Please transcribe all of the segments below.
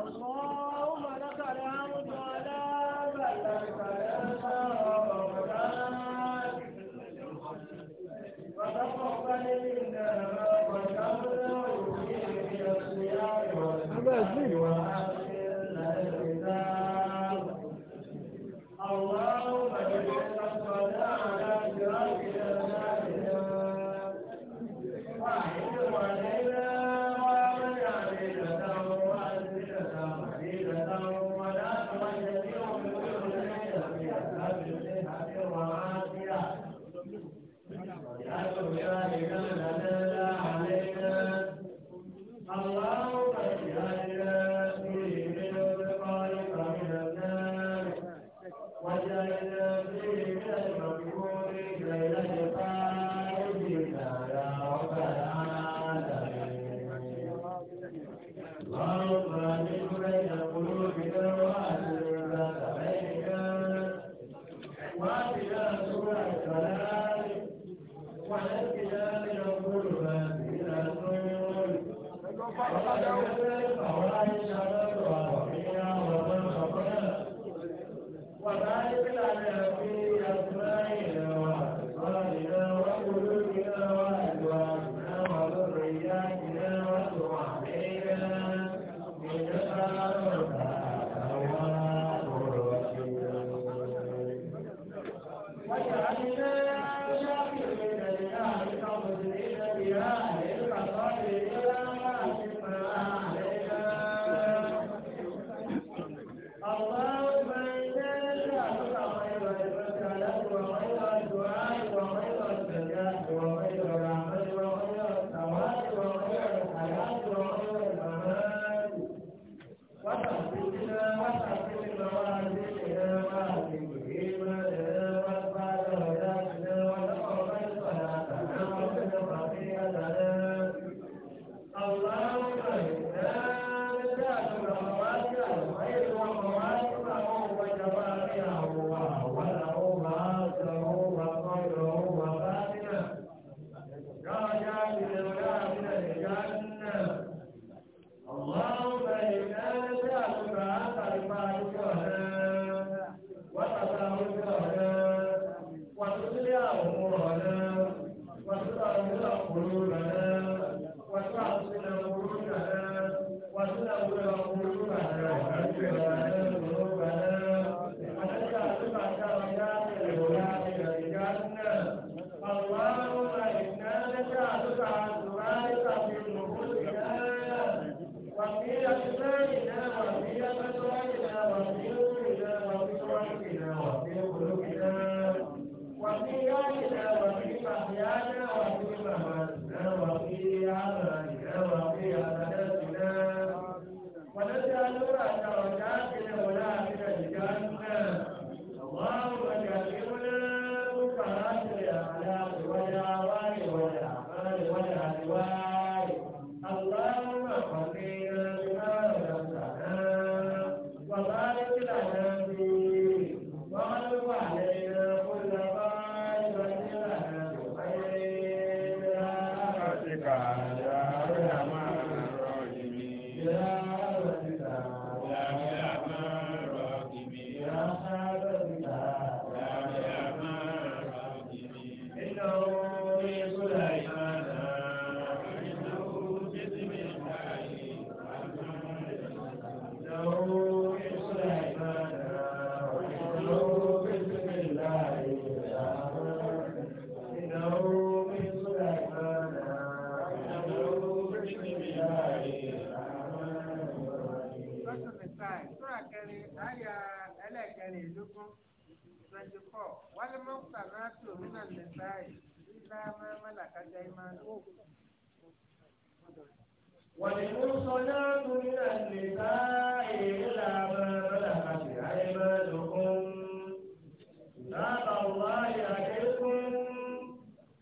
الله ẹlẹ́ẹ̀kẹrìndínlógún twenty four wálé mọ́tà náà tó nínà nìsáì nígbà máa mẹ́lá kájà ìmọ̀ àlọ́. والمحصنات من النساء إلا ما ملكت أيمانكم كتاب الله عليكم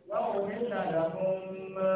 وأحل لكم ما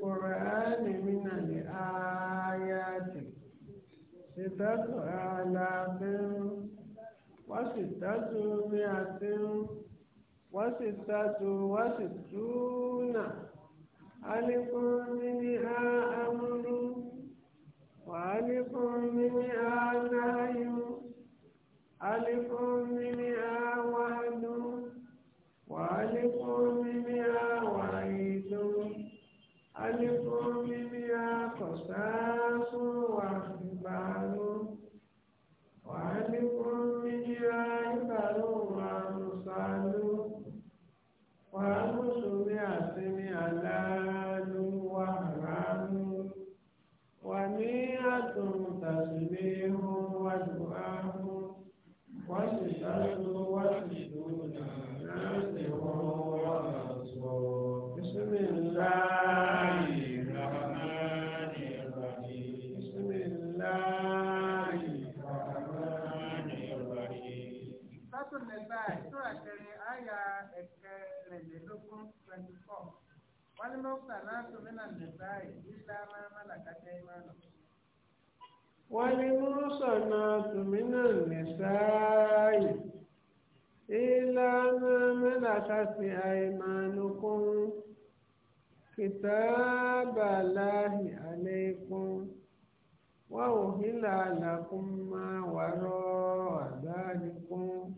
القرآن من الآيات ستة آلاف وستة مئة وستة وستون ألف منها أمر وألف منها نهي ألف منها alifun bíbí akọ̀sáàsù wà ìbàlú wà alifun bíbí ìbàlú wà mùsàlú wà mùsùlùmí àti ní àlàá. المحصنات من النساء إلا ما ملكت أيمانكم كتاب الله عليكم وأهل لكم ما وراء ذلكم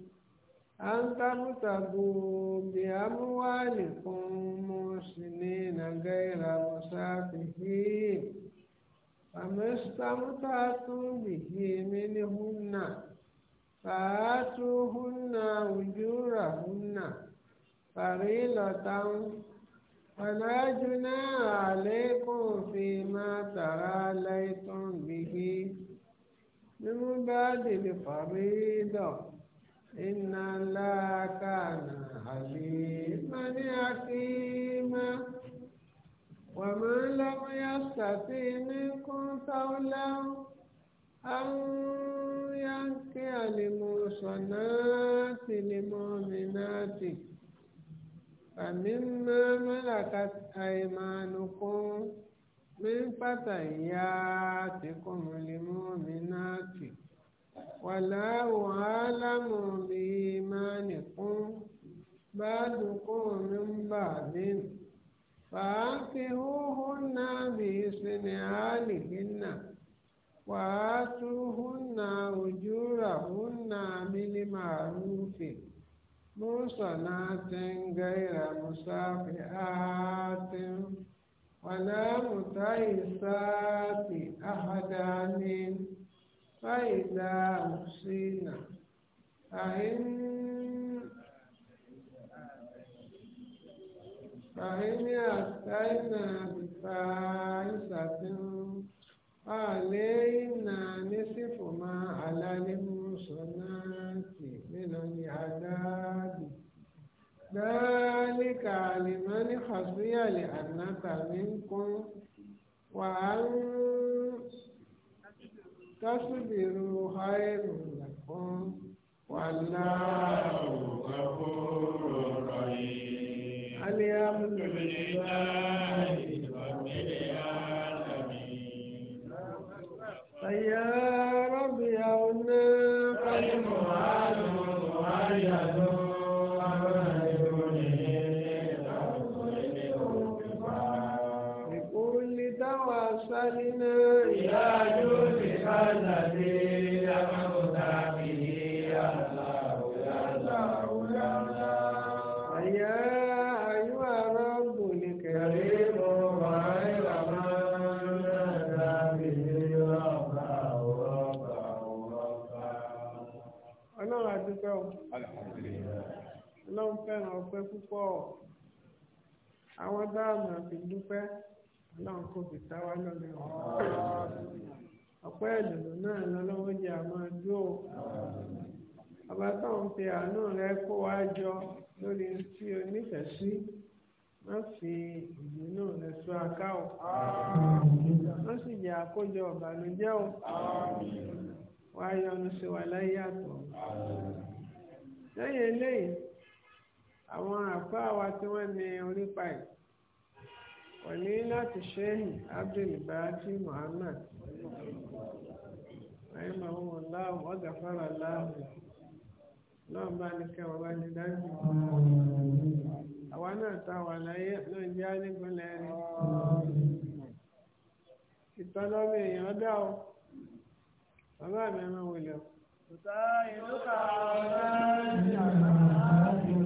أن تبتغوا بأموالكم محسنين غير مسافحين fàmẹ́sítàmútà tún bìí mímí húnà fàátù húnà òjúra húnà fàrílọ̀tà ń fàlájúná àlékún fi máa tàrà lẹ́tọ̀n bìí mímú bá ومن لم يستطيع منكم طولا أن ينكي لمحصنات المؤمنات فمما ملكت أيمانكم من فتياتكم المؤمنات والله أعلم بإيمانكم بعدكم من بعد isi btụhụ nna isenlina gwa tụhụ nna ụjuraụna irimaute mụsana tịa aụai ati ana-amụtapi ahadne pd ụsi فإن أتينا بفاحشة علينا نصف ما على المحصنات من العذاب ذلك لمن خشي لأنك منكم وأن تصبروا خير لكم والله غفور رحيم الحمد لله pọ̀ àwọn dáàmù àti dúpẹ́ ọlọ́run kò fi ta wá lọ́lẹ́ ọ̀pẹ́ ìdùnnú náà lọ́lọ́wọ́ jẹ́ àmọ́ ẹjọ́ ọba tó ń pe àánú rẹ kó wá jọ lórí tí o nífẹ̀ẹ́ sí má fi ìdùnnú rẹ sọ aká o wọ́n sì jẹ́ àkójọ ọ̀bànújẹ́ o wá yọ́nú sí wa láyé àtọ̀ lẹ́yìn eléyìí àwọn àfáà wa tí wọ́n ní onípa ẹ̀ wọ́n ní láti ṣẹ́yìn Abdul Baqi Muhammad ayé máa wọ́n wọn láàmú ọ̀gá fara láàmú náà bá ní kí àwọn bá ní dájú àwa náà tá wà láyé náà jẹ́ nípínlẹ̀ rẹ̀ ìtọ́lọ́mọ èèyàn dá o bàbá mi máa wọlé o. Ìta ìlú kàwé náà ń ṣàkóso.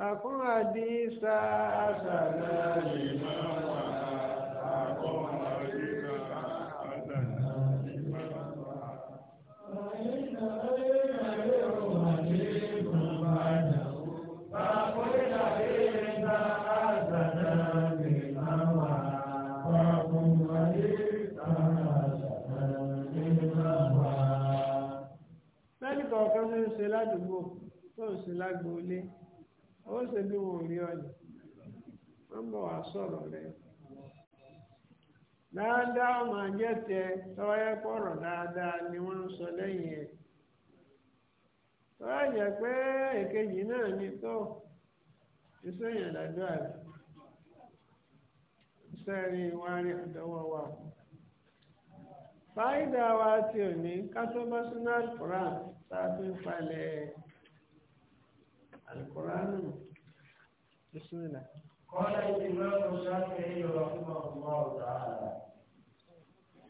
Fàkún àdìsá àṣàlá lè máa wà àkọ́ àríkà àdàlá lè máa wà. Àyíká ẹ̀rọ ẹ̀rọ àdìsá àdàlá. Fàkún àdìsá àṣàlá lè máa wà. Fàkún àdìsá àṣàlá lè máa wà. Lẹ́yìn kọ̀ọ̀kan ṣe ń ṣe ládùúgbò tó ń ṣe lágbo ilé. ó ṣe bí wọn ò rí ọjà wọn bọ̀ wá sọ̀rọ̀ rẹ dáadáa máa jẹ́ tẹ tọ́wáyé pọ̀rọ̀ dáadáa ni wọn sọ lẹyìn ẹ tọ́wá jẹ́ pé èkejì náà ni tó iṣẹ́ yẹn dájọ́ àbí iṣẹ́ rí wárí àdánwò wa. fáìdà wa ti òní kátó personal plan tá a fi ń القرآن بسم الله قال الإمام الشافعي رحمه الله تعالى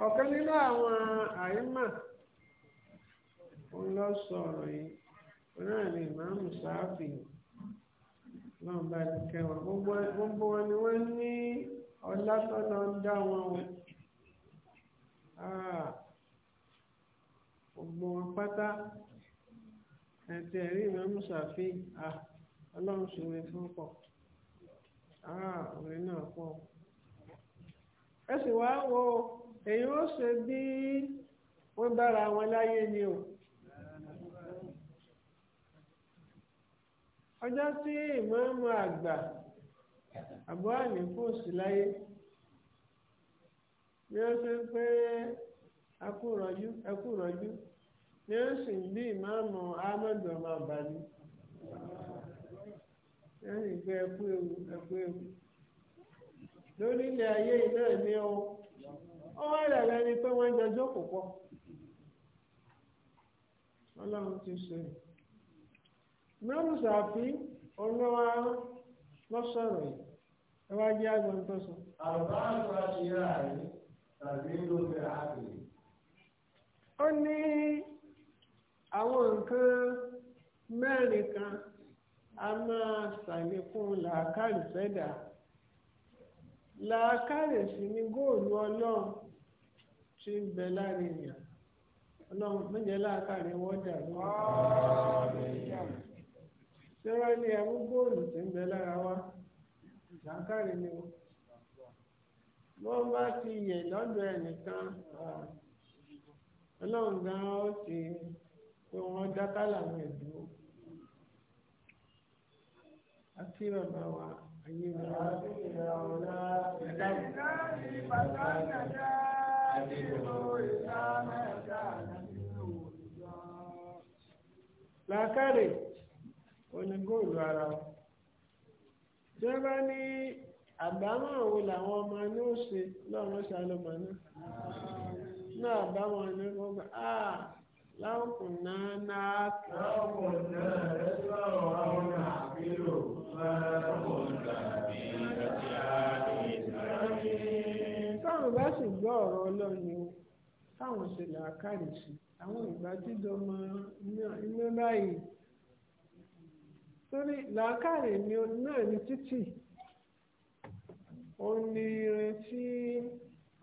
ọ̀kan nínú àwọn àyímà òun lọ sọ̀rọ̀ yìí náà ni ìmáàmù sáfì náà bá ti kẹwọn gbogbo wọn ni wọ́n ní ọlá tọ́lọ ń dá wọn o ah, gbogbo wọn pátá ẹtì ẹrí ìmọ̀ọ́mù ṣàfihàn à ọlọ́run fún pọ̀ à òrin náà pọ̀ ẹ sì wá wo èyí ó ṣe bí wọ́n dára wọn láyé ni o. ọjọ́ tí ìmọ̀ọ́mù àgbà àbọ̀ àníkù láyé ni wọ́n ṣe ń pé ní ó sì ń bí ìmáàmù ahmed ọmọ àbálí lẹ́yìn pé ẹkú ewu ẹkú ewu lórílẹ̀ ayé náà ní ọ ó wá ìrẹ̀lẹ̀ ni pé wọ́n jọjọ́ kò pọ̀ ọlọ́run ti ṣe ìmáàmù sàfí olówó lọ́sọ̀rọ̀ yìí ẹ wá jẹ́ àgbọn tó sọ. àbá àgbà ṣe rà yìí tàbí ló fẹ́ àgbè. ó ní àwọn nǹkan mẹ́rin kan a máa ṣàlékún làákàrè fẹ́dà làákàrè sì ni góòlù ọlọ́run tí ń bẹ lára èèyàn ọlọ́run méje làákàrè wọ́n dà lóhùn ṣé wọ́n ní ẹ̀mú góòlù tí ń bẹ lára wa làákàrè ni o wọ́n bá ti yẹ̀ lọ́dọ̀ ẹnìkan ọlọ́run gan-an ti pé wọ́n dáká làwọn ẹ̀dúró àti bàbá wa ayé wa làákàrè oní góòlù ara o tí wọ́n bá ní àbámọ̀ àwọn làwọn ọmọ ní ó ṣe lọ́rùn ṣàlùmọ̀ náà náà àbámọ̀ ní kó gbà áà. láwùkùnà náà láwùkùnà ẹ̀sọ́ àwọn àbílò fẹ́ẹ́kùnà bí ẹ̀jẹ̀ àdìsáré. ọ̀rọ̀ ọlọ́run o àwọn ìgbà báyìí náà títì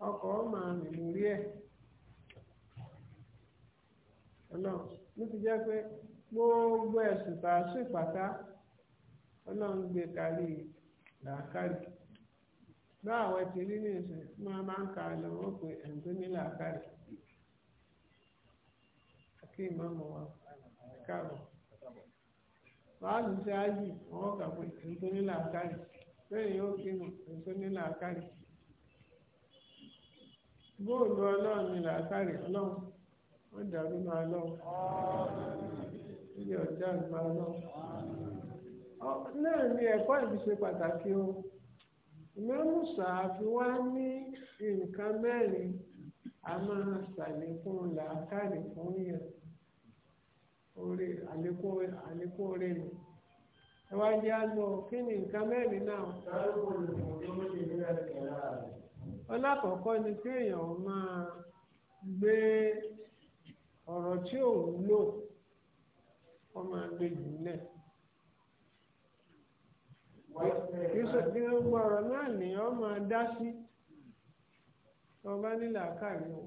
ní ọkọ̀ lórí ẹ̀. ọlọ́run ló ti jẹ́ pé gbogbo ẹ̀sùn tá a sùn pátá ọlọ́run gbé kárí làákàrí báwọn ti rí ní ìsìn máa máa ń ka lọ́wọ́ pé ẹ̀ǹtọ́ ní làákàrí kí ìmọ̀mọ̀ wa káàbọ̀ báàlù ṣe ájì wọ́n kà pé ẹ̀ǹtọ́ ní làákàrí bẹ́ẹ̀ yóò kí mọ̀ ẹ̀ǹtọ́ ní làákàrí bóòlù ọlọ́run ní làákàrí ọlọ́run ó dàrú máa lọ ilé ọjà máa lọ náà ni ẹ̀kọ́ ìbí ṣe pàtàkì o ìmọ̀ọ́mù sàáfi wá ní nǹkan mẹ́rin a máa ṣàlékún làákàrí fún yẹn orí àlékún orí mi ẹ wá jẹ́ àlọ́ kí ni nǹkan mẹ́rin náà. ọlákọ̀ọ́kọ́ ni kéèyàn máa gbé. ọ̀rọ̀ tí ò wúlò wọ́n máa gbé jù lẹ̀. bí wọ́n gbọ́ ọ̀rọ̀ náà ni wọ́n máa dá sí wọ́n nílẹ̀ àkàrí o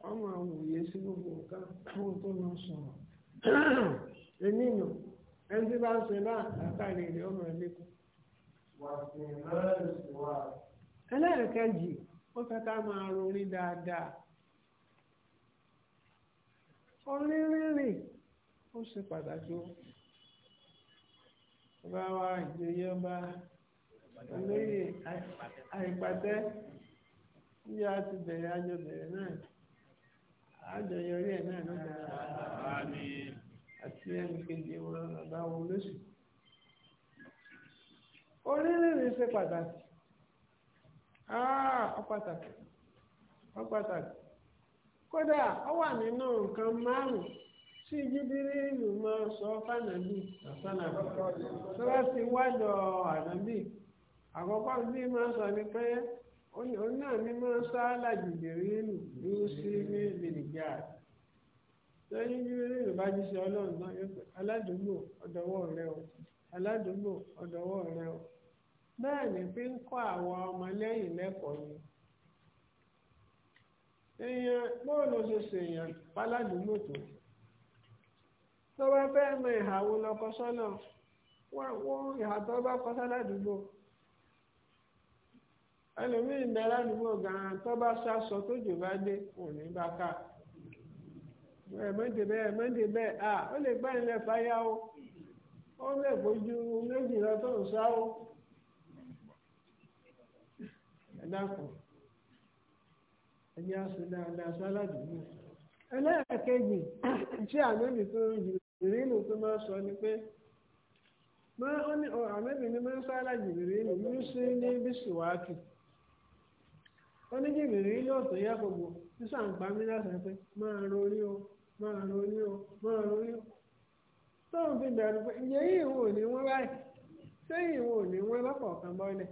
wọ́n máa wòye sí gbogbo nǹkan fún tó lọ sọ̀rọ̀ èmi nù ẹni tí bá ń ṣe náà àkàrí rẹ̀ ó fẹ́ ká máa ronú orírìnrìn ó ṣe pàtàkì wa olóyè àìpàtẹ bí a ti bẹ̀rẹ̀ bẹ̀rẹ̀ náà ẹ̀ náà ló àti ẹnì kejì wọn bàbá wọn lóṣù ṣe pàtàkì ọ pàtàkì ọ pàtàkì. kódà ọ wà nínú nǹkan márùn-ún tí jíbírìlù ma sọ fanabi àfànàbí tó bá ti wájọ ma sọ bí máa sọ ni pé òun náà ní máa sá làjìbìrìlù ní sí ní bá jí sí ọlọ́run náà aládùúgbò ọ̀dọ́wọ́ rẹ o aládùúgbò ọ̀dọ́wọ́ rẹ o bẹ́ẹ̀ ni ń kọ́ àwọn lẹ́kọ̀ọ́ yìí. èèyàn bóòlù ṣe ṣèèyàn páládùúgbò tó tó bá fẹ́ mọ ìhàwó sọ́nà wọ́n ìhà tó bá sáládùúgbò bẹ ládùúgbò gan-an tó bá ṣaṣọ tó jù bá dé òní bá ká ẹ̀mọ́dé bẹ́ẹ̀ ẹ̀mọ́dé bẹ́ẹ̀ à ó lè gbá ilẹ̀ fáyà o ó lè bójú méjì tó ń sá ẹ̀yìn àṣìlẹ̀ àlẹ́ àṣálàdùúgbò. ẹlẹ́ẹ̀kejì tí àmẹ́bí tó ń jù ìrìnnù tó máa sọ ni pé àmẹ́bí ni máa ń sára jìbìrìnnù yóò sí ní bíṣìwáàkì ó ní jìbìrì yóò tó yẹ gbogbo sísà ń pa mí láti pé máa rorí o máa rorí o máa o tóun fi bẹ̀rù pé ìyẹ́ yìí wò ní wọ́n báyìí sẹ́yìn wò ní wọ́n ó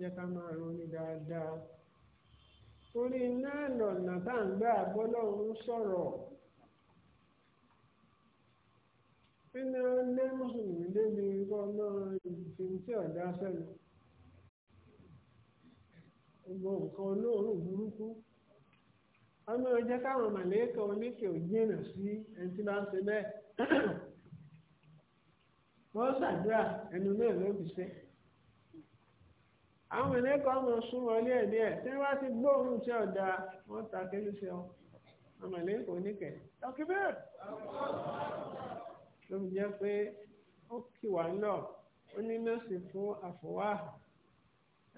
yẹ ká máa dáadáa. torí na lọ́nà tá à ń gbà bọ́lọ́run sọ̀rọ̀ nínú ilé mùsùlùmí débi ikọ́ náà ìdìtìmí sẹ́nu gbogbo nǹkan olóòórùn burúkú ọmọ ọjọ́ káwọn màlẹ́kọ̀ oníkè ò jìnnà sí ẹni tí bá ń ṣe bẹ́ẹ̀ wọ́n ṣàdúrà àwọn ẹlẹ́kọ̀ọ́ ọmọ súnmọ́ ilé ẹ̀dí ẹ̀ tí wọ́n ti gbóhùn tí ọ̀dà wọ́n ta kílù sí ọ ọmọ ẹlẹ́kọ̀ọ́ oníkẹ̀ tọ́kí bẹ́ẹ̀. ló fi jẹ́ pé ó kì wá lọ ó ní nọ́ọ̀sì fún àfọwá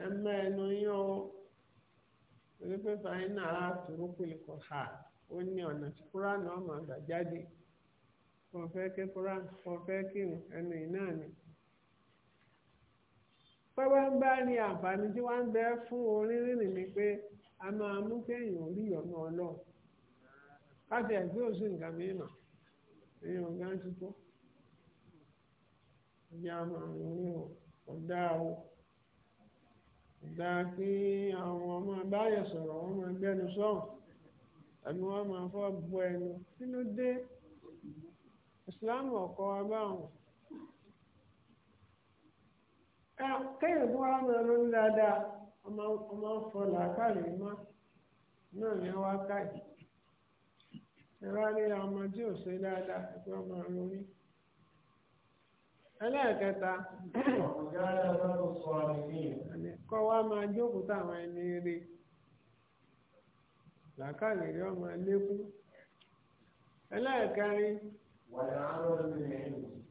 ẹ ẹnu yín o torí pé fàáyínà ara tòró pèlè kọ̀ ha ó ní ọ̀nà tí kúránù ọmọ àgbà jáde kò fẹ́ kí kúránù kò fẹ́ kí ẹnu ì pẹ́pẹ́ ń bá ní àǹfààní tí wọ́n ń bẹ fún orin rírìn ni pé a máa mú kéèyàn rí ọ̀nà ọlọ́run káṣí ẹ̀gbẹ́ òsì nǹkan mìíràn èèyàn ọ̀gá ń tutọ́ ìyá máa ń rí o ọ̀dà o ọ̀dà kí àwọn ọmọ báyọ̀ sọ̀rọ̀ wọ́n máa gbẹ́nu sọ́hùn tàbí wọ́n máa fọ́ bọ ẹnu kí ló dé ìsìláàmù ọ̀kọ́ wa báwọn. kéèyàn tó wá máa ronú dáadáa ọmọ fọ làákàyè mọ́ náà ní ọmọ tí ò ṣe dáadáa ọmọ ronú. ẹlẹ́ẹ̀kẹta kọ́ wa máa jókòó táwọn ẹni rí rí ọmọ lékún. ẹlẹ́ẹ̀kẹrin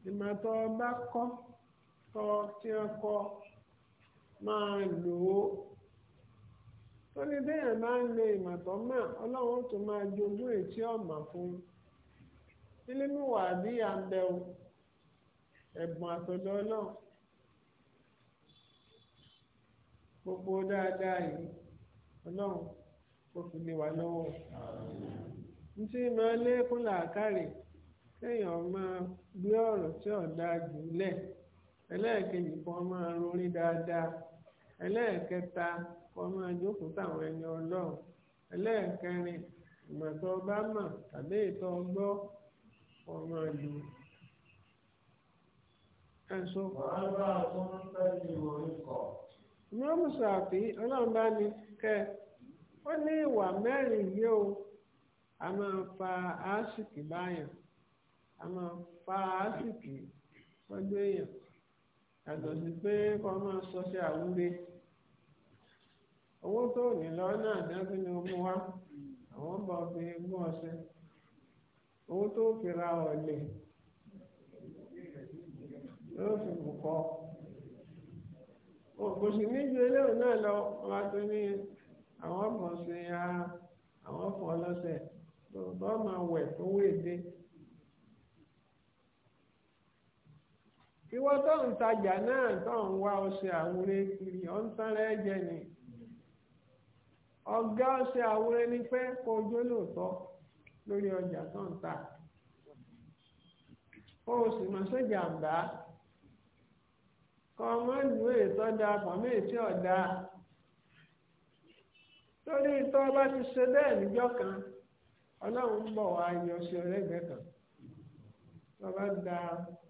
ìmọ̀tọ́ ọba kọ́. kọ́ tí wọ́n kọ́ máa lò ó tó bẹ́ẹ̀ máa ń lo ìmọ̀tọ́ mọ́ ọlọ́run tó máa jogún ètí ọ̀mà fún fílímù wà bí àbẹ̀wò ẹ̀bùn àtọ̀dọ̀ náà gbogbo dáadáa yìí ọlọ́run kò fi lè wà lọ́wọ́ ntí máa lékún làákàrè kéèyàn máa gbé ọ̀rọ̀ tí ọ̀dà jù lẹ̀. ẹlẹ́ẹ̀kejì kan máa ronú dáadáa ẹlẹ́ẹ̀kẹta kan máa jókòó táwọn ẹni ọlọ́run ẹlẹ́ẹ̀kẹrin ìmọ̀tọ́ bá mọ̀ tàbí ìtọ́ gbọ́ kan máa lò ẹ̀sọ́. wàhálà tó ń fẹ́ ní orí kọ̀. mọ́mú ọlọ́run bá ní kẹ́ ó ní ìwà mẹ́rin yìí o a máa fa aásìkì báyàn a máa fa aásìkì fọ́jú èèyàn. yàtọ̀ sí pé kọ́ máa sọ sí àwúrẹ́ owó tó ní lọ́nà àdáńgbé ni wá àwọn bá fi gún ọṣẹ owó tó fi ra ọ̀lẹ̀ yóò fi bùkọ́ kò sì ní ju eléyìí náà lọ wá tó ní àwọn bọ̀ ya àwọn fọ́ ọlọ́sẹ̀ tó bá máa wẹ̀ tó iwọ tó ń tajà náà tó ń wá ọṣẹ àwúrẹ́ kiri ọ̀ jẹ ni ọ̀gá ọṣẹ àwúrẹ́ lórí ọjà tó ń kó o sì máa sójà ń ọmọ ìlú ètò da pàmò ètò ọ̀dà torí tó bá ti ṣe bẹ́ẹ̀ níjọ́ kan ọlọ́run ń bọ̀ wá yọ kan tó bá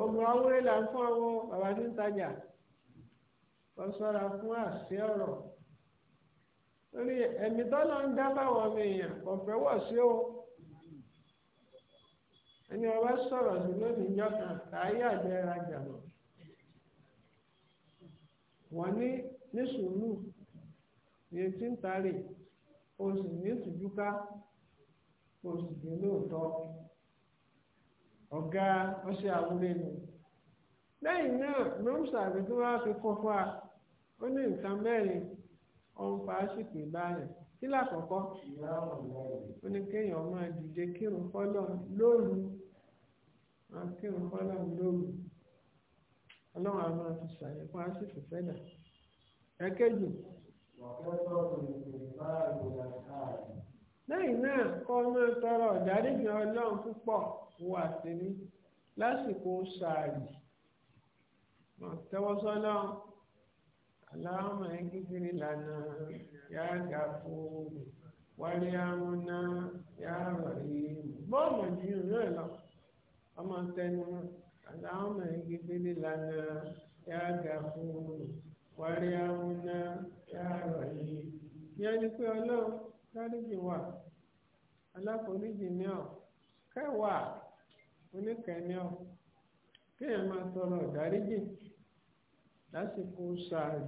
oògùn awúrẹ́ là ń fún àwọn bàbá tí ń tajà wọ́n sọ́ra fún àṣẹ ọ̀rọ̀ torí ẹ̀mí tọ́lọ́ ń dá báwọn ọmọ èèyàn kò fẹ́ wọ̀ sí o ẹni ọba sọ̀rọ̀ sí lónìí jọ́ka káyé àjẹ́ rajà mọ́ wọ́n ní ní sùúrù ní etí ń tarè o ní tìjúká o dé lóòótọ́ ọ̀gá ọṣẹ àwúrẹ́ ni lẹ́yìn náà nọ́ọ̀sì àgbẹ̀ tó wá fi kọ́ fún wa ó ní nǹkan mẹ́rin ọ̀hún fàásìkò ìbáyà kí lákọ̀ọ́kọ́ ó ní kéèyàn máa dìde kírun fọ́lọ́ lóru máa kírun fọ́lọ́ lóru ọlọ́run àwọn máa fi ṣàyẹ̀kọ́ àsìkò fẹ́dà ẹ̀kẹ́jì. ọ̀kẹ́ sọ̀rọ̀ ìgbìmọ̀ àgbẹ̀ àti ààrẹ. lẹ́yìn náà kọ́ máa tọrọ ìdáríjì ọlọ́run púpọ̀ wà sí lásìkò sàárì tẹwọ́sọ́lọ́ aláwọ̀ ẹ̀gbẹ́gbẹ́ lànà yá ga wálé amúná yá rọ̀rí bọ́ọ̀mù yìí rẹ̀ lọ ọmọ tẹnu aláwọ̀ ẹ̀gbẹ́gbẹ́ lànà yá ga wálé amúná na rọ̀rí yẹn ni pé ọlọ́run. dáríjì wà aláforíjì ni ọ kẹwàá oníkẹni ọ kéèyàn máa tọrọ ìdáríjì lásìkò sáàrì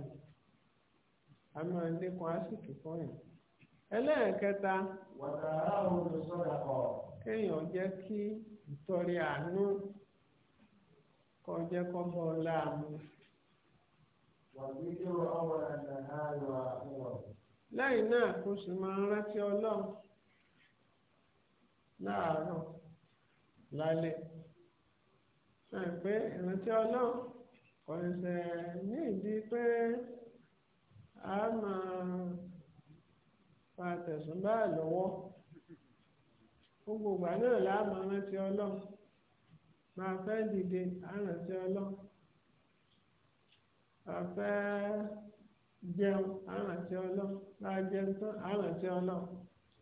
a máa lékun àsìkò fún ẹlẹ́ẹ̀kẹta wàtàrà olùsọ̀rọ̀ ọ̀ kéèyàn jẹ́ kí ìtọ́rẹ àánú kọjá kọ́mọ láàmú. wàgbé náà lẹ́yìn náà kó sì máa rántí ọlọ́run láàárọ̀ lálẹ́ ṣáà pé ìrántí ọlọ́run kò ń ṣe ní ìdí pé a máa fa tẹ̀sùn báà lọ́wọ́ gbogbo ìgbà náà là á máa rántí ọlọ́run máa fẹ́ dìde á ọlọ́run máa fẹ́. jẹun àrántí ọlọ́run bá a jẹun tán àrántí ọlọ́run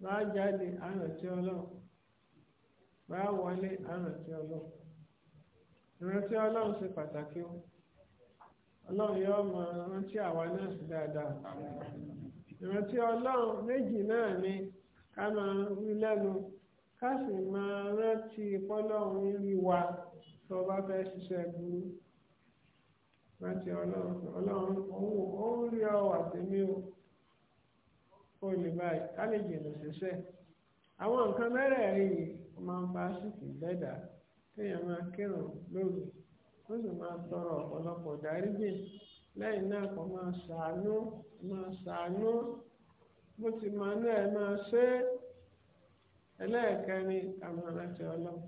bá jáde àrántí ọlọ́run bá wọlé àrántí ọlọ́run ìrántí ọlọ́run ṣe pàtàkì o ọlọ́run yóò mọ rántí àwa náà sí dáadáa ìrántí ọlọ́run méjì náà ni ká máa ka lẹ́nu ká sì máa rántí pọ́lọ́run rí wa rántí ọlọ́run ọlọ́run òun rí ọ o ó lè báyìí ká lè jìnnà ṣẹṣẹ àwọn nǹkan mẹ́rẹ̀ẹ̀rin yìí ó máa ń bá kéèyàn máa kírun ó sì máa tọrọ ọ̀pọ̀lọpọ̀ lẹ́yìn náà kò máa ṣàánú máa ṣàánú bó ti máa náà ẹ máa ṣe é ẹlẹ́ẹ̀kẹrin àwọn aláṣẹ ọlọ́run.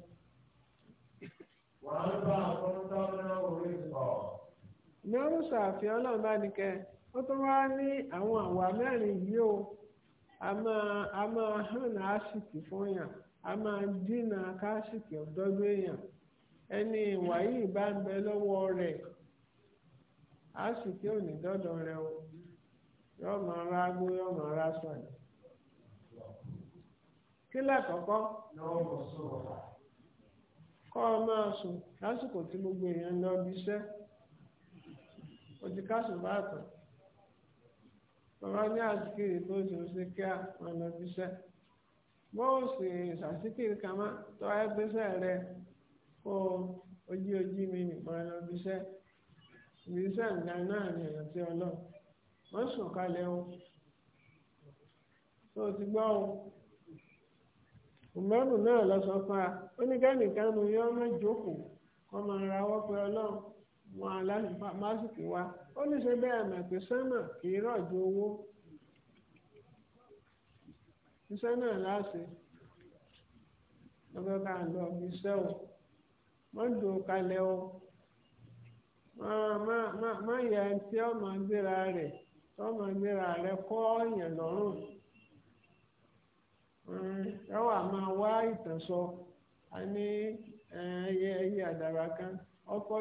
wàá bá àwọn ní orúṣà àfi ọlọ́run bá ní kẹ́ ó tún wá ní àwọn àwà mẹ́rin yìí o a máa a máa hàn áṣìkì fún yàn a máa dínà káṣìkì ọ̀dọ́gbé yàn ẹni ìwà yìí bá ń bẹ lọ́wọ́ rẹ̀ áṣìkì ò ní dọ́dọ̀ o yóò máa ra agbó yóò máa ra sọ̀rọ̀ kí lákọ̀ọ́kọ́ kọ́ ọ máa sùn lásìkò tí gbogbo èèyàn lọ bí iṣẹ́. ojú káṣù bá tàn bàbá ní àsìkiri tó ṣe ṣe kí a wọn lọ fi ṣẹ bóun sì ṣàṣìkiri kan mọ tó ayé gbèsè rẹ kó ojú ojú mi nìkan lọ fi ṣẹ ibi iṣẹ́ ìgbà náà ni èèyàn ti ọlọ wọn sùn kalẹ̀ o tó o ti gbọ́ o òmùlẹ́rù náà lọ sọ fún wa ó ní kẹ́nìkan nu yọ́ mẹ́jọ́kù kọ́ máa rawọ́ pé ọlọ́run. wọn alálùbámásìkì wa ó ní ṣe bẹ́ẹ̀ mọ̀ pé kì í rọ̀jò owó iṣẹ́ náà láṣẹ lọ́gbẹ́ bá lọ iṣẹ́ o wọ́n dùn kalẹ̀ o má yẹ tí ọmọ gbéra rẹ̀ ọmọ gbéra rẹ̀ kọ́ ọ̀yàn lọ́rùn ẹ wà máa wá ìtàn a ní ẹyẹ ẹyẹ àdàbà kan ọkọ̀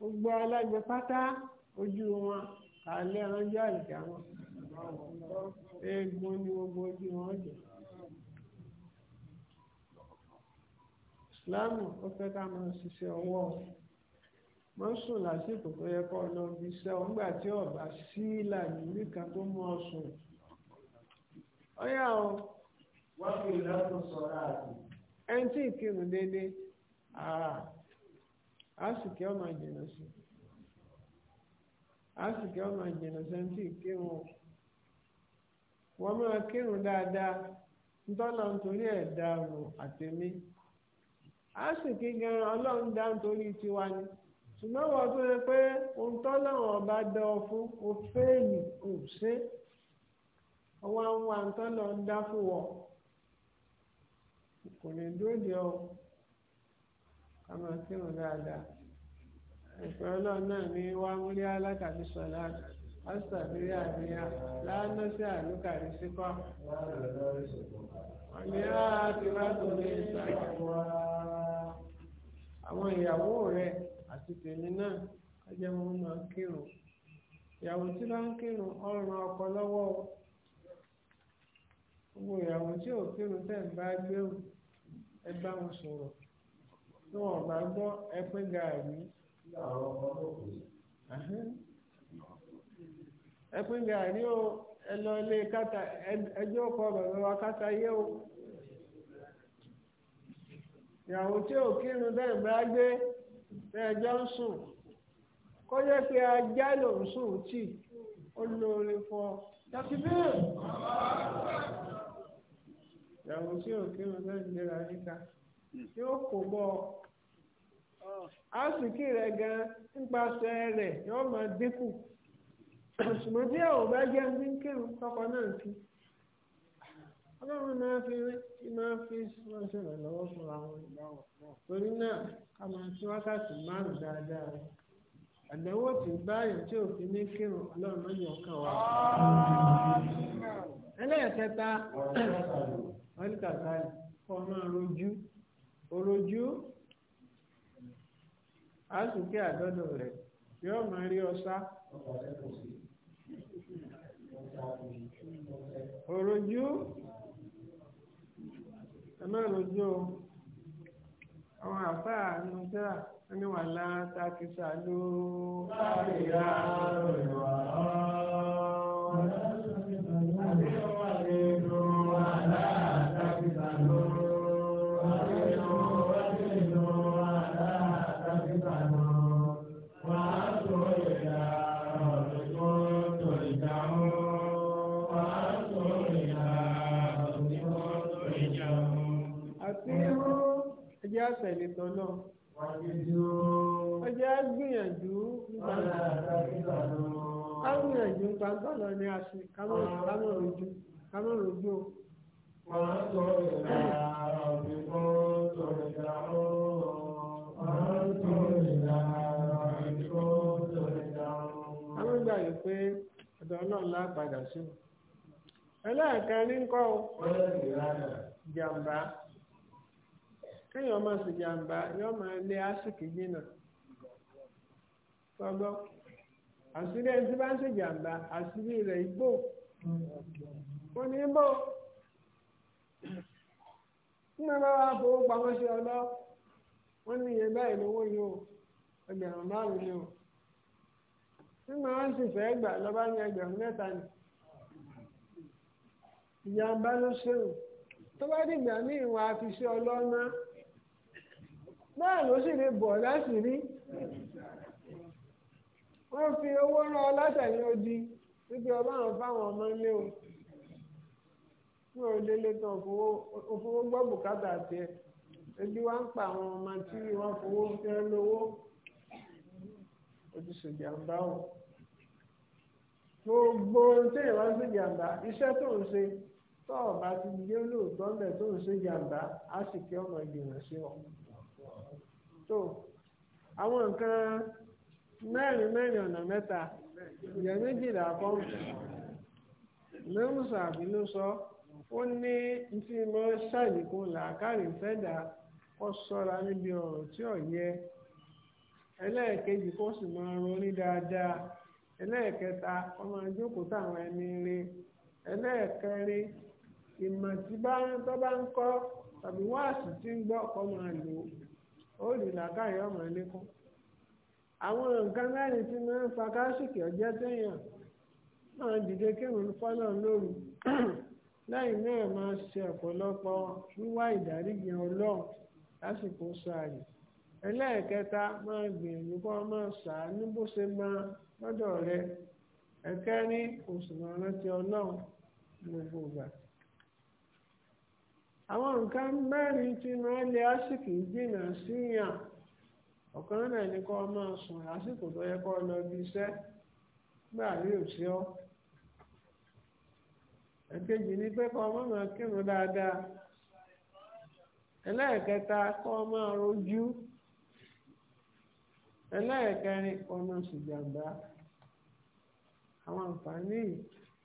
gbogbo alájọ pátá ojú wọn kàlẹ́ ránjọ́ àlùkà wọn eegun ni gbogbo ojú wọn jẹ. ìsìláàmù ó fẹ́ ká máa ṣiṣẹ́ ọwọ́ wọ́n sùn lásìkò tó yẹ kó lọ bí iṣẹ́ ọgbà tí ọ̀bà sí ìlànà nìkan tó mú ọ sùn. ọ̀yà o. wọ́n fi ìlànà sọ̀rọ̀ àti. ẹni tí ìkírun déédéé àsìkè ọmọ ìjìnà sí àsìkè ọmọ ìjìnà sẹ́ńtì kírun wọ́n máa kírun dáadáa ntọ́nà nítorí ẹ̀ dáàbò àtẹ̀mí àsìkè gan ọlọ́run dá nítorí tiwa ni ṣùgbọ́n wọ́n tún rẹ pé ohun tọ́lọ́run ọba dá ọ fún o fẹ́ẹ̀lì o ṣe ọwọ́ àwọn àǹtọ́lọ́run dá fún wọn kò lè dúró de ọ ká máa kírun dáadáa ẹ̀fẹ́ ọlọ́run náà ní wá múlẹ̀ alákàbí sọ̀lá asàbírí àbíyá lánàṣẹ́ àlùkàrí síkọ́ ọ̀nì àti látò ní ìsàkíwá àwọn ìyàwó rẹ àti tèmi náà ọjọ́ wọn máa kírun ìyàwó tí bá ń kírun ọrùn ọkọ lọ́wọ́ gbogbo ìyàwó tí ò kírun tẹ̀ ń bá gbéwò ẹ bá wọn sọ̀rọ̀ tí wọn bá gbọ́ ẹgbẹ́ gàrí. ẹgbẹ́ gàrí o ẹ lọ ilé kátà ẹjọ́ kọ bàbá wa kátà yé o. ìyàwó tí ò kírun bẹ́ẹ̀ bá gbé ẹjọ́ ń sùn kó jẹ́ pé ajá ló ń sùn tì ó lóore fọ́ tàbí bẹ́ẹ̀ ìyàwó tí ò kírun bẹ́ẹ̀ gbéra níta yóò kó bọ́ ọ. àsìkí rẹ̀ gan nípasẹ̀ rẹ̀ yóò ma dínkù ṣùgbọ́n tí àwọn bá jẹ́ ní kírun tọkọ náà ọlọ́run máa fi tí máa fi ránṣẹ́ rẹ̀ lọ́wọ́ fún àwọn ìgbàwọ̀ torí náà ká máa tún wákàtí márùn dáadáa rẹ̀ àdánwò tí báyìí tí òfin ní kírun ọlọ́run á sì kí àdọ́dọ̀ rẹ̀ ọrụ máa rí ọsá. òròjú ẹ má o àwọn àfáà nínú sẹ́ra ẹni wà jẹ́ àtẹ̀lé tọ́lọ́. ọjọ́ á gbìyànjú nípa á gbìyànjú nípa tọ́lọ́ ní àṣẹ kámọ́ rojú kámọ́ rojú o. wọ́n á sọ ìlà ọ̀gbìn kan sọ̀rọ̀ ìlà ọ̀rọ̀ wọ́n á sọ ìlà ọ̀gbìn kan sọ̀rọ̀ ìlà ọ̀rọ̀. àwọn ìgbà yìí pé ọ̀dọ̀ ọlọ́run lá padà sí o. ẹlẹ́ẹ̀kan ní kọ́ o. jàǹbá kéèyàn máa sì jàǹbá yóò máa lé àsìkò jìnnà tọgbọ àṣírí ẹni tí bá ń sì jàǹbá àṣírí rẹ̀ igbó ó ní bó nínú bá wàá fowó pamọ́ sí ọlọ́ wọ́n ní iye báyìí lówó yìí o ẹgbẹ̀rún márùn-ún ni o nínú wọn sì fẹ́ gbà lọ́ba ní ẹgbẹ̀rún mẹ́ta ni ìjàǹbá ló ṣèrò tó bá dìgbà míì wọn á fi sí ọlọ́ná náà ló sì lè bọ̀ láti rí wọ́n fi owó rán ọ látẹ̀lé odi wípé ọlọ́run fáwọn ọmọ ilé o tí ò délé tán òfowó gbọ́ bùkátà tiẹ̀ ebi wá ń pa àwọn ọmọ tí wọ́n fowó fẹ́ lówó ojú ṣèjàmbá o gbogbo téèyàn wá sí jàmbá iṣẹ́ tó ń ṣe tó ọba ti gbé lóòótọ́ ń bẹ̀ tó ń ṣe jàmbá á sì kí ọmọ ìgbìmọ̀ sí wọn. tó àwọn nǹkan mẹ́rin mẹ́rin ọ̀nà mẹ́ta ìyẹn méjìlá kan mẹ́mùsà àbínú sọ ó ní tí mo ṣàlékún làákàrí fẹ́dà kó sọ́ra níbi ọ̀rọ̀ tí ò yẹ ẹlẹ́ẹ̀kejì kó sì máa ronú dáadáa ẹlẹ́ẹ̀kẹta táwọn ẹni rí ẹlẹ́ẹ̀kẹrin ìmọ̀ tí bá ń kọ́ tàbí wáàsì tí ń gbọ́ ó rí làákàyè ọmọ ẹlẹ́kọ́ àwọn nǹkan mẹ́rin tí wọ́n ń fa káṣíkì ọjọ́ téèyàn máa dìde kírun fọ́lọ́ lóru lẹ́yìn náà máa ṣe ọ̀pọ̀lọpọ̀ wíwá ìdáríjì ọlọ́run lásìkò sáàyè ẹlẹ́ẹ̀kẹta máa gbìyànjú kó máa ṣàánú bó ṣe máa lọ́dọ̀ rẹ ẹ̀kẹ́rin oṣù mọ̀rántí ọlọ́run gbogbo ìgbà. àwọn nǹkan mẹ́rin tí máa lè àsìkò jìnnà síyàn ọ̀kan náà ni kó máa sùn lásìkò tó yẹ kó lọ bí iṣẹ́ gbà rí òsì ọ́ ẹ̀kejì ni pé kó máa máa kírun dáadáa ẹlẹ́ẹ̀kẹta kó máa rojú ẹlẹ́ẹ̀kẹrin kó máa sùn jàǹbá àwọn àǹfààní yìí.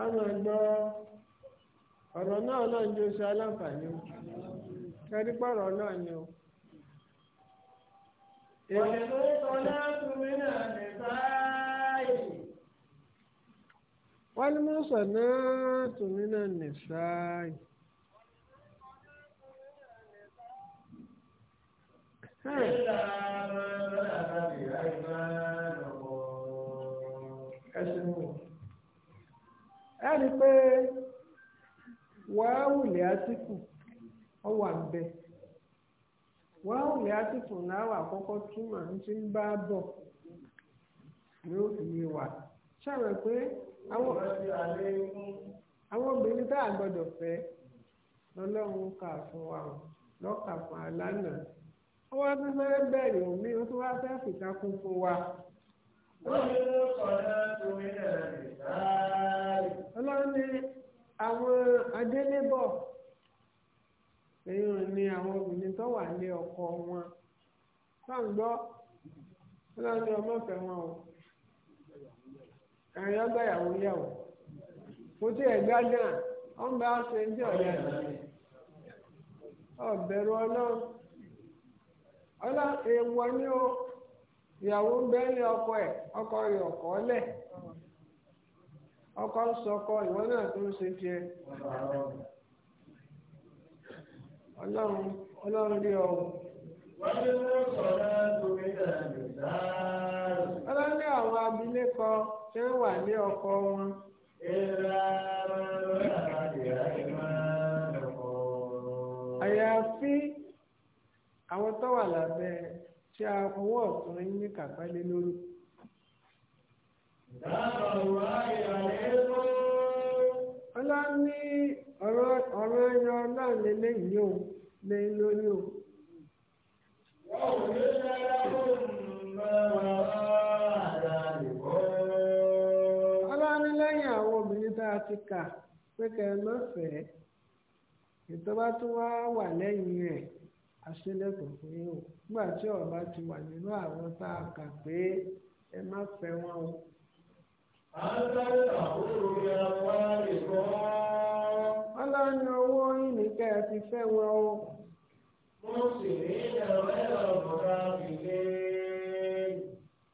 ká máa gbọ́ ọ̀rọ̀ náà náà ń jó ṣe aláǹfààní o kẹ́rí pọ̀rọ̀ náà ni o. Èyí tó sọ láti mí náà lè báyìí. Wọ́n ní mọ̀sán náà tòmí náà lè ṣááyì. Ẹ̀sìn wò. ẹ rí i pé àtìkù ọwà ń bẹ wàhùlẹ̀ àtìkù náà wà ti ń bá bọ ní òfìyè wà ṣàwọn pé àwọn obìnrin tá a gbọ́dọ̀ fẹ́ lọ́lọ́run kà fún wa lọ́kà fún alánà ó wá fẹ́ fẹ́ bẹ̀rẹ̀ òmíràn tó wá fẹ́ fìkà kún fún wa. ọlọ́run ní àwọn adélébọ̀ èèyàn ní àwọn obìnrin tó wà ní ọkọ wọn fáwọn gbọ́ ọlọ́run ọmọ ọ̀fẹ́ wọn o ẹ̀yìn ọgbà ìyàwó o wọ́n bá ṣe ń jẹ́ ọ̀bẹ̀rù èèwọ̀ ni ìyàwó ń bẹ́ẹ̀ ní ọkọ ẹ̀ ọkọ rẹ̀ ọkọ lẹ̀ ọkọ ń sọkọ ìwọ náà tó ń ṣe tiẹ̀ ọlọ́run ọlọ́run rí ọ. wọ́n ní wọ́n sọ̀rọ̀ àwọn abilékọ ń wà ní ọkọ wọn. ìlà àyàfi tí a ọwọ́ ọ̀tún ní kàpá lé lórí. ọlá ní ọ̀rọ̀ ẹyọ ọlọ́run lélẹ́yìí o lé lórí o. ọlá ní lẹ́yìn àwọn obìnrin tá a ti kà pé kẹ́ ẹ wà lẹ́yìn rẹ̀. aṣílẹ̀kùn fún yín o nígbà tí ọba ti wà nínú àwọn tá a kà pé ẹ má wọn o. A ń sáré àbúrò ya wá lè gbọ́. lọ ní owó yín ní ti ẹ wọn o. mo sì ní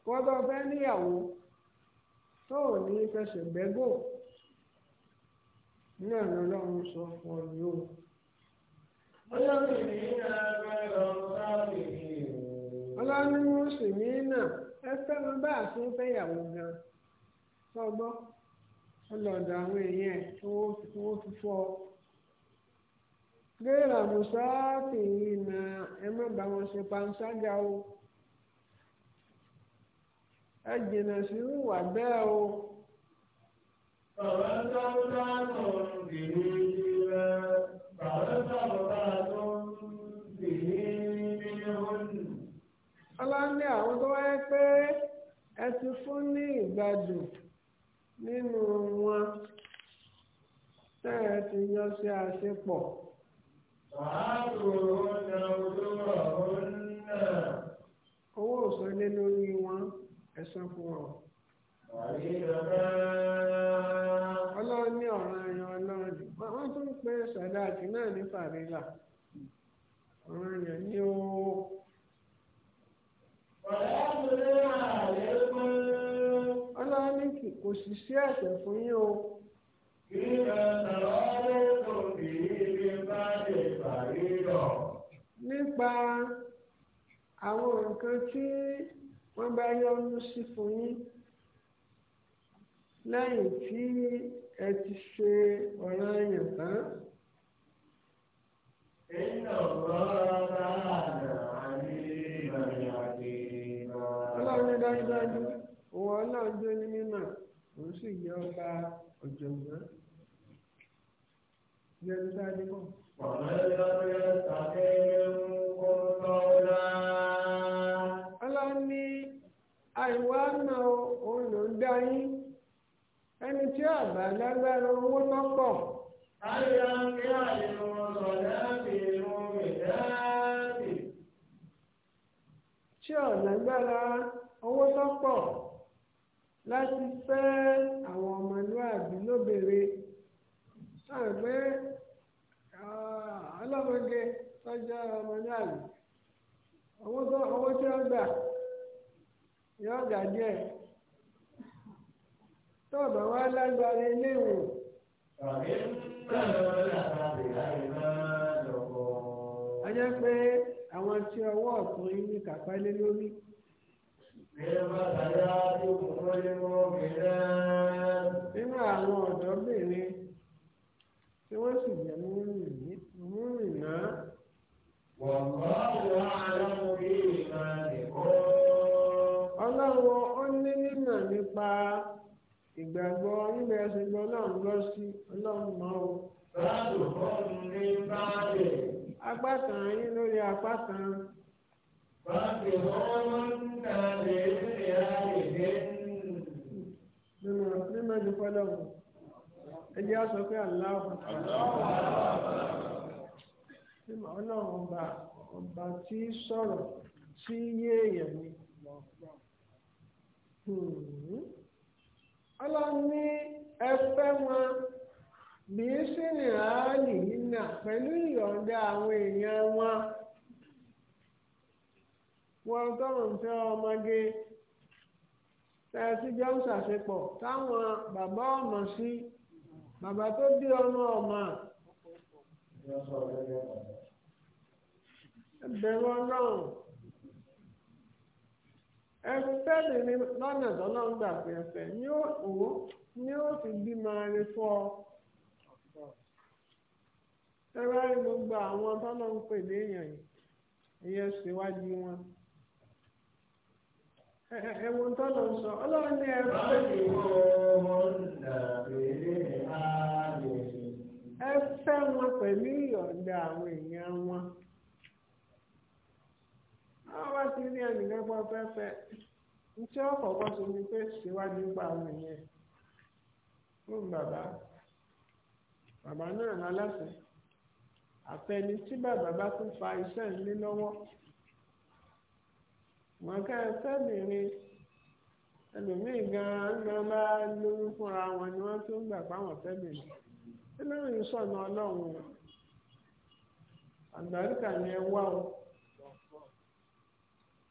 kọ́dọ̀ fẹ́ níyàwó tó ní fẹsẹ̀ ní ọ̀nà o. ọlọ́ni mùsùlùmí náà ẹ fẹ́ràn bá àtún fẹ́yàwó gan sọgbọ́n ọlọ́dọ̀ àwọn èèyàn ẹ̀ tí wọ́n fi fọ́ ọ. Géèrà Mùsáàfì yìí na ẹ má bá wọn ṣe panṣágà o. Ẹ jìnà sí wà bẹ́ẹ̀ o. Bàbá sábà náà ń bìrì ìlú rẹ̀. Bàbá sábà náà. ọlọ́ni àwọn tó wáyé pé ẹ ti fún ní ìgbàdùn nínú wọn tẹ́ ẹ ti yọ sí àṣepọ̀. owó òsánlé lórí wọn ẹ̀sán fún wọn. ọlọ́ni ọ̀ràn ẹ̀yàn ọlọ́run wọ́n tún sàdáàkì náà ní fàrílà. àwọn èèyàn ní o ọlọ́run ní kì kò sì sí ẹ̀ṣẹ̀ fún yín o. kí ẹ sọ̀rọ̀ lóko bí ibi bá lè parí lọ. nípa àwọn nǹkan tí wọ́n bá yọ́nú sí fún yín lẹ́yìn tí ẹ ti ṣe ọ̀ranyàn tán ọlọ́run ní dájúdájú òun ọlọ́run tó ní mímọ̀ òun sì yẹ ọba ọ̀jọ̀gbọ́n yẹnu dájú bọ̀. ọlọ́run ní àìwá náà òun ló ń dá yín ẹni tí àbá lágbára owó tó pọ̀. ألم يعلم صلاتي ومدادي owó tó pọ̀ láti fẹ́ àwọn ọmọlúàbí lóbèrè sáà pé ọlọ́mọge tọ́jú ọmọlúàbí owó tó owó tí ó gbà yóò gà díẹ̀ tó ọ̀bà wá lágbára ilé ìwòsàn. a jẹ́ pé àwọn tí ọwọ́ ọ̀tún yín ní kápá lé lórí. nínú àwọn ọ̀dọ́bìnrin tí wọ́n sì jẹ́ múrìn náà. ọlọ́wọ́ ó ní nípa. ìgbàgbọ́ nígbà ẹsẹ̀ gbọ́ náà ń lọ sí ọlọ́run mọ́ o. láàbò fọ́ọ̀nù ní báàlẹ̀. apá kan yín lórí apá kan. báàlẹ̀ wọ́n ń tàbí ilé ayé dé. mímọ mímọ dúpẹ́ lọ́wọ́ ẹ jẹ́ sọ pé aláwọ̀ mímọ ọlọ́run ọba ọba tí sọ̀rọ̀ sí yéèyàn ni. Hmm ọlọ́ni ẹfẹ́ wọn bíi sínú àálì nínà pẹ̀lú ìyọ̀ǹda àwọn èèyàn wọn wọn tọrùn tẹ ọmọge tẹ̀sí jọ ń ṣàṣepọ̀ táwọn bàbá ọmọ sí bàbá tó bí ọmọ ọmọ ẹbẹ̀rún ọlọ́run. ẹrù tẹ́lẹ̀ ni lọ́nà tọ́lọ́ ń gbà pẹ̀fẹ́ ni ó òwò ni ó fi fọ́ ọ. ẹ bá rí gbogbo àwọn tọ́lọ́ ń pè yìí wọn. ń sọ ọlọ́run ní wọ́n bá ti rí ẹnìkan pọ̀ fẹ́fẹ́ iṣẹ́ ọ̀kọ̀ọ̀kan ṣe ni pé ṣèwádìí ń pa àwọn èèyàn fún bàbá bàbá náà lálẹ́sìn àfẹni tí bàbá bá tún fa iṣẹ́ ńlé lọ́wọ́ mọ̀ọ́ká ẹ̀fẹ́bìnrin ẹlòmíì gan-an ń lọ bá lóyún fúnra wọn ni wọ́n tún gbà fáwọn ẹ̀fẹ́bìnrin ẹlẹ́rìí sọ̀nà ọlọ́run àgbàríkà ni ẹ wá o.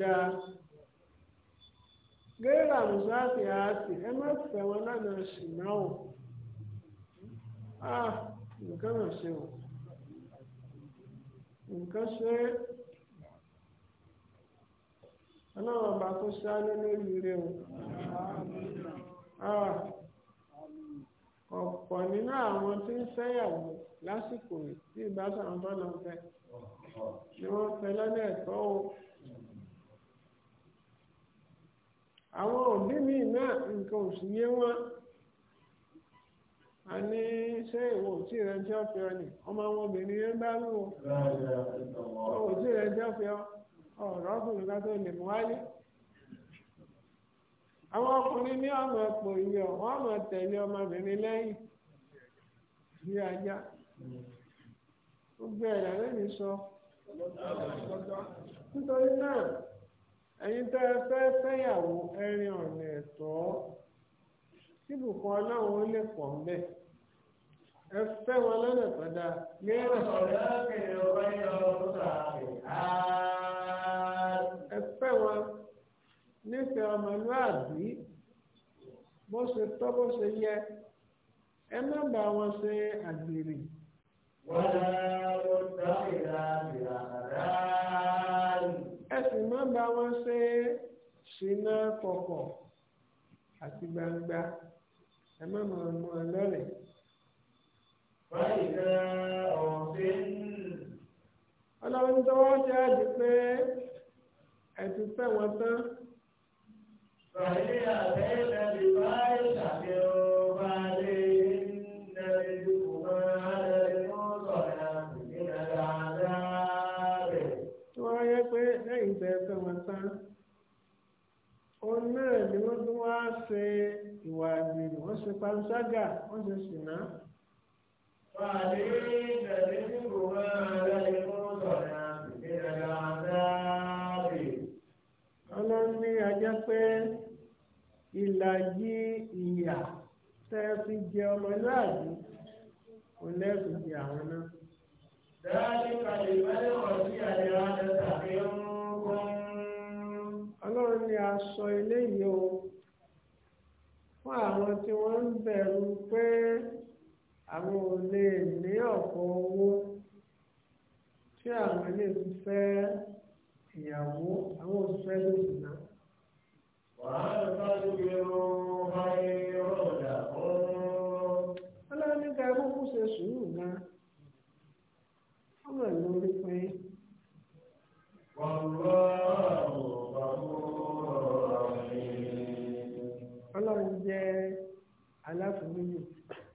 dáa gẹ́rà mùsáàtì àti ẹ má fẹ́ wọn lánàá sì náà o ah nǹkan náà ṣe o nǹkan ṣe ọlọ́run ọba kó sáré lórí rẹ o ah ọ̀pọ̀ nínú àwọn tí ń fẹ́yàwó lásìkò yìí bí ìbáṣà wọn bá lọ fẹ́ ni wọ́n fẹ́ lọ́dẹ̀ tó o. àwọn òbí mi náà nǹkan ò sì yé wọn a ní ṣé ìwọ tí rẹ jẹ́ ọ̀fẹ́ ọ ni ọmọ àwọn obìnrin yẹn bá lù ọ òtí ọ ọkùnrin ká tó lè mú àwọn ọkùnrin ní ọmọ ẹ̀pọ̀ ìyọ̀ wọ́n ẹ̀yin tẹ́ ẹ fẹ́ fẹ́yàwó ẹrin ọ̀nà ẹ̀tọ́ síbùkún ọlọ́run ó lè pọ̀ ńbẹ̀ ẹ fẹ́ wọn lọ́nà tó dáa. ní ọ̀rẹ́ kìnìún ọba yẹn ọdún sàárè ẹ fẹ́ wọn nífẹ̀ẹ́ ọmọlúàbí bó ṣe tọ́ bó ṣe yẹ ẹ má bá wọn ṣe àgbèrè. wọ́n á wọ́n dá ìlànà ìlànà rárá sì má bá wọn ṣe ṣìnà kọ̀kọ̀ àti gbangba ẹ má mọ̀ ọ́n mọ́ ọ lọ́rẹ̀. wáyé ọ̀sẹ̀ ọlọ́run tọwọ́ ti á di pé ẹ ti fẹ́ wọn tán. wàyí àbẹ́rẹ́ lè báyìí. ṣe ìwà àgbèrè wọ́n ṣe panṣágà wọ́n ṣe ṣìnà. Fàdé ìtẹ̀lé tí kò máa lẹ́yìn fún sọ̀nà ìdàgbà dáàbì. Ọlọ́run ajá pé ìlàjì ìyà tẹ́ fi jẹ ọmọlúàbí kò lẹ́sùn ti àwọn náà. Dáàbì kàlè mẹ́rin ọ̀sìn àlẹ́ àdẹ́sà fi ń kún. Ọlọ́run ní aṣọ eléyìí o fún àwọn tí wọ́n ń bẹ̀rù pé àwọn ò lè ní ọ̀pọ̀ owó tí àwọn ilé fífẹ́ ìyàwó àwọn òṣìṣẹ́ ló sì ná. wàhálà bá lóye ooo ayé ọ̀dà ooo. ọlọ́run nígbà kúkú ṣe sùúrù náà ọmọ ìlú orí pé. wàhálà.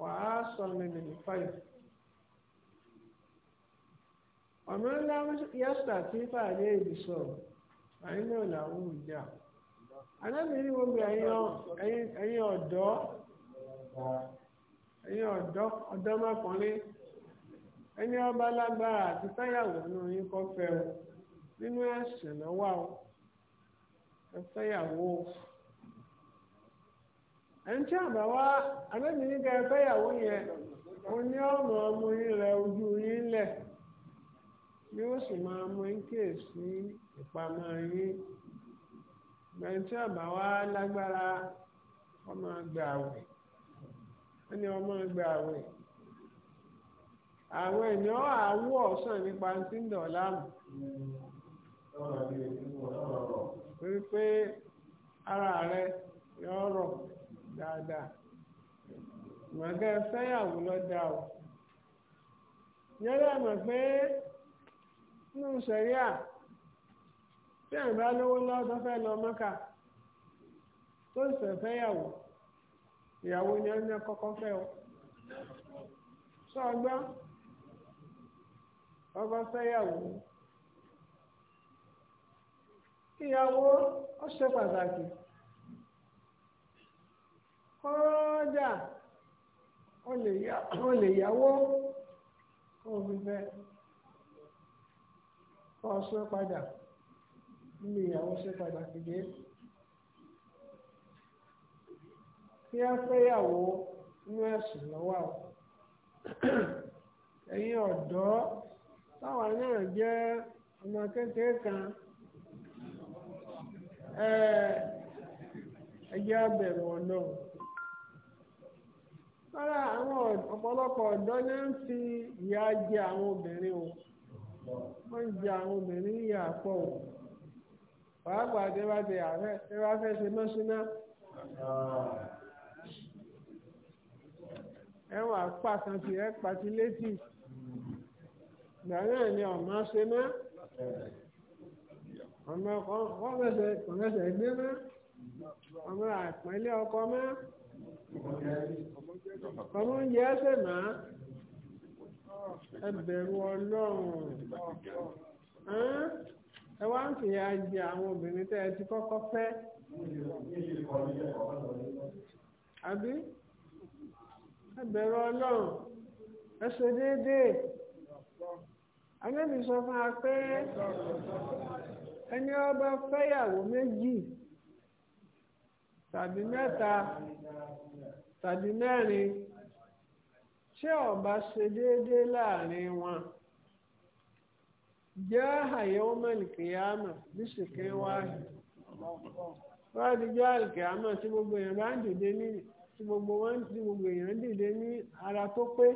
وعاصا من الخير ومن لم يستطيع فعليه بصوم فإنه له وجاء alábìrin wo bí ẹ̀yin ọ̀dọ́ ẹ̀yin ọ̀dọ́ ọ̀dọ́mọkùnrin ẹni ọba lágbára àti táyàwó náà yín kọ́ o nínú ẹ̀sìn o ẹ ẹnití àbáwá anábìrin ká ẹ fẹ́yàwó yẹn wọ́n ní ọ̀nà ọmọ yín ojú yín ni ó sì máa mú yín kíyèsí ìpamọ́ yín ẹnití àbáwá lágbára ọmọ gbà àwẹ̀ wọ́n ọmọ gbà àwọn ènìyàn àwọ̀ ọ̀sán nípa ti ń ara rẹ yọ rọ. dáadáa ìmọ̀gá fẹ́yàwó lọ́dà o yálà mọ̀ pé nínú sẹ̀ríà tí àwọn bá lówó lọ́dọ̀ fẹ́ lọ mọ́kà tó sẹ̀ fẹ́yàwó ìyàwó ni ẹni kọ́kọ́ fẹ́ o sọ́gbọ́n ọgbà fẹ́yàwó ìyàwó ó pàtàkì. ọjà o lè yáwó kó o fi fẹ́ sọ padà níbi ìyàwó sọ padà kìdé kí á fẹ́yàwó inú ẹ̀sìn lọ́wọ́ àwọn ẹ̀yin ọ̀dọ́ táwa náà jẹ́ ọmọ kékeré kan ẹ̀ẹ́dẹ́gbẹ̀rún ọlọ́run. rárá àwọn ọ̀pọ̀lọpọ̀ ọ̀dọ́ náà ń fi ìyà jẹ àwọn obìnrin o wọ́n ń jẹ àwọn obìnrin ìyà pọ̀ o pàápàá tẹ bá tẹ àárẹ̀ tẹ bá fẹ́ ṣe mọ́ṣúná ẹ̀wọ̀n apá kan ti ẹ̀ pàtí létí ìgbà náà ni ọ̀mọ́ ṣe mọ́ ọmọ kọ́mẹ́sẹ̀ gbé mọ́ ọmọ àpẹ́lẹ́ ọkọ mọ́ ọmọ oúnjẹ ẹsẹ̀ náà ẹbẹ̀rù ọlọ́run ẹ wá ń fìyà jẹ àwọn obìnrin tẹ́ ẹ ti kọ́kọ́ fẹ́ àbí ẹbẹ̀rù ọlọ́run ẹ ṣe déédéé alẹ́ mi sọ fún wa pé ẹni ọba fẹ́yàwó méjì. tàbí mẹ́ta tàbí mẹ́rin ṣé ọba ṣe déédéé láàrin wọn jẹ́ àyẹ̀wò mẹ́lìkìyàmà bí wáyé wọ́n jẹ́ tí gbogbo èèyàn bá ń dìde ní tí gbogbo wọn tí ara tó pé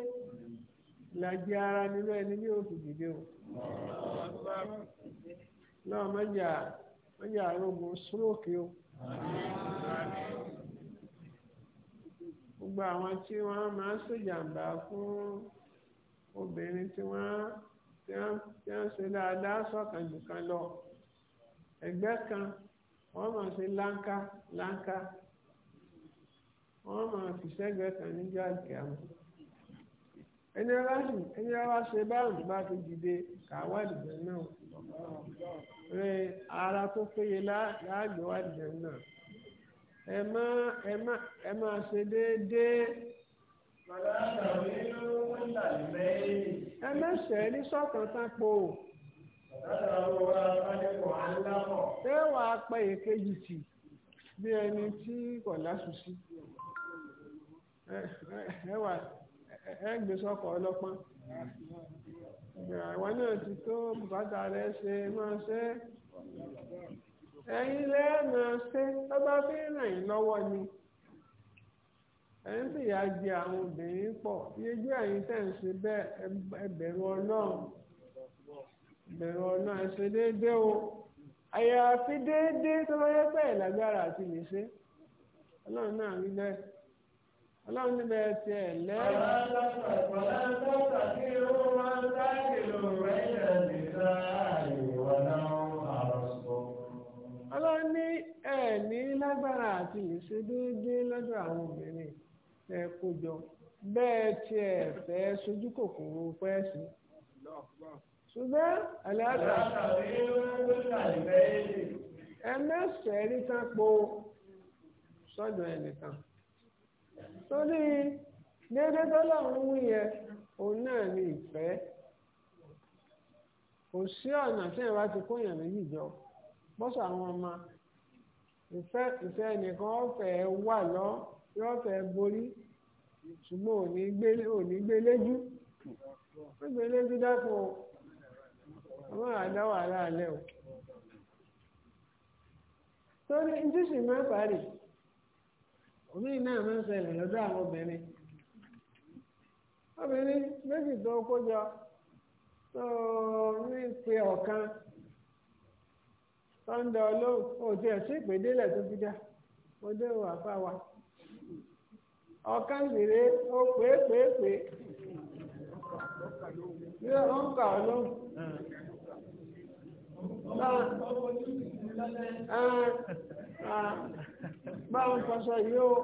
ìlàjì ara nínú ẹni dìde o náà mọ̀jà mọ̀jà arógun gbogbo àwọn tí wọ́n máa ń fún obìnrin tí wọ́n tí wọ́n ṣe dáadáa lọ ẹgbẹ́ kan wọ́n se lanka láńká láńká wọ́n máa fi sẹ́gbẹ̀ẹ́ kan níjọ́ àkẹ́ ẹni ọlá ṣe báwọn bá fi dìde kàwá náà. rẹ ara tó péye láàgbé wà jẹ náà ẹ má ẹ má ẹ má ṣe déédéé. ẹ má ṣe ní sọ́kàn tán po. ẹ wàá pa èkejì tì bí ẹni tí kò lásùsí ẹ wà ẹ gbé sọ́kàn ọlọ́pọ́n. àwọn náà ti tó bùkátà rẹ̀ ṣe máa ṣe ẹ̀yin ṣe tó bá ni ẹ̀yin sì yá di àwọn obìnrin pọ̀ yéjú ẹ̀yin tẹ̀ ń ṣe bẹ́ẹ̀ ẹbẹ̀rù ọlọ́run ẹbẹ̀rù ọlọ́run ẹ déédéé o àyàfi déédéé tó bá yẹ pẹ́ lágbára àti lè ṣe ọlọ́run ọlọ́run ní bẹ́ẹ̀ ti ẹ̀ lẹ́. ọlọ́run ní ẹ̀ ní lágbára àti lè ṣe déédéé lọ́dọ̀ àwọn obìnrin ẹ̀ kó jọ bẹ́ẹ̀ ti ẹ̀ fẹ́ sojú kòkòrò pẹ́ sí. ṣùgbọ́n àlàáfíà ẹ mẹ́sẹ̀ẹ́ rí tán po sọ́dọ̀ ẹnìkan torí déédéé tọ́lọ́run mú yẹn òun náà ní ìfẹ́ kò sí ọ̀nà tí ìwà ti kó yàn méjì jọ bọ́sọ̀ àwọn ọmọ ìfẹ́ ìfẹ́ nìkan ọ̀fẹ́ wà lọ yọ̀ọ̀fẹ́ borí ṣùgbọ́n òní gbélé òní gbéléjú ó gbéléjú dápọ̀ ọmọ àdá wàhálà alẹ́ o torí ní sísìn mẹ́fà rèé. omi náà máa ń ṣẹlẹ̀ lọ́dọ̀ àwọn obìnrin obìnrin méjì tó kójọ tó ní pé ọ̀kan sọ́ńdọ̀ olóhùn òtí ẹ̀ sí ìpèdélẹ̀ tó fi dá mo dé wà fáwa ọ̀kan ìrè ó pé pé pé kà ma sọsọ yóò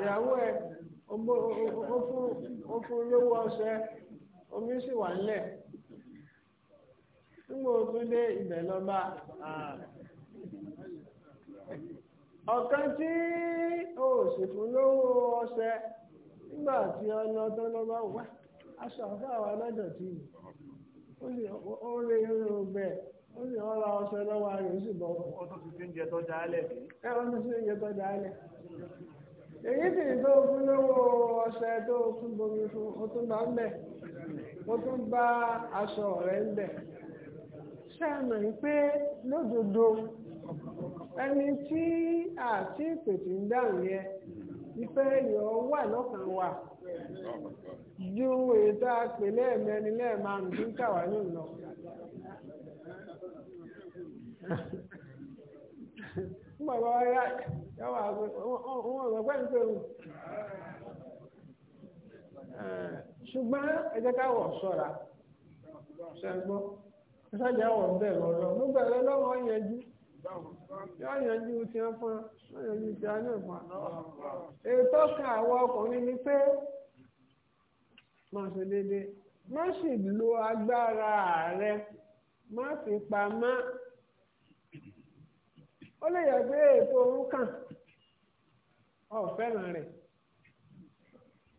ìyàwó ẹ ó fún lówó ọṣẹ omi sì wà nígbà dé ibẹ̀ lọ́ba ọ̀kan tí sì fún lówó nígbà tí ọ̀nà lọ́ba wà aṣọ wà ó sì wọ́n ra ọṣẹ lọ́wọ́ ayò ó sì bọ̀ ó tó ti fi ń jẹ tọ́jà bí. ẹ wọ́n ti tó fún lówó tó fún bomi fún ó tún bá ń bẹ̀ tún bá aṣọ rẹ̀ ń bẹ̀. pé ẹni tí àti ìpètè ń dáhùn ìfẹ́ ju èyí tá a pè lẹ́ẹ̀mẹ́ni ń bàbá wa yá yàwó àgbẹ̀ wọn ò gbẹ́ nípa ewu. ṣùgbọ́n ẹ jẹ́ káwọ̀ ṣọ́ra ṣẹ́gbọ́n ṣáàjà wọ̀ bẹ́ẹ̀ lọ́dọ̀ gbogbo ẹ̀rọ lọ́wọ́ yẹjú yọ yẹjú tí wọ́n fún ọ yẹjú tí wọ́n náà fún ọ. ètò kan àwọn ọkùnrin ni pé máa ṣe déédéé má sì lo agbára rẹ má fi pamọ́. ó lè yẹ pé èso kàn ọ fẹ́ràn rẹ.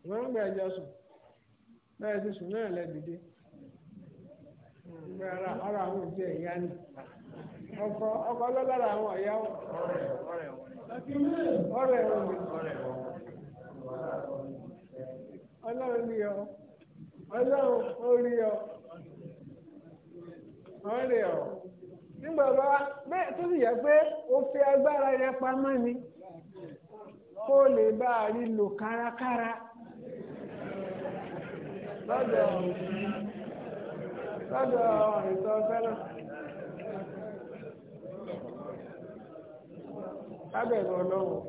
wọ́n ń gbé ẹjọ́ sùn bẹ́ẹ̀ ti sùn náà lẹ́dìde gbé ara ara àwọn òbí ẹ̀ yá ni ọkọ ọkọ àwọn wọn ni ọ ó rí ọ ọ. nígbà bá bẹ́ẹ̀ tó sì yẹ pé o fi agbára rẹ pamọ́ ni kó lè bá a rí lò kárakára lọ́dọ̀ lọ́dọ̀ ìtọ́ ọlọ́wọ́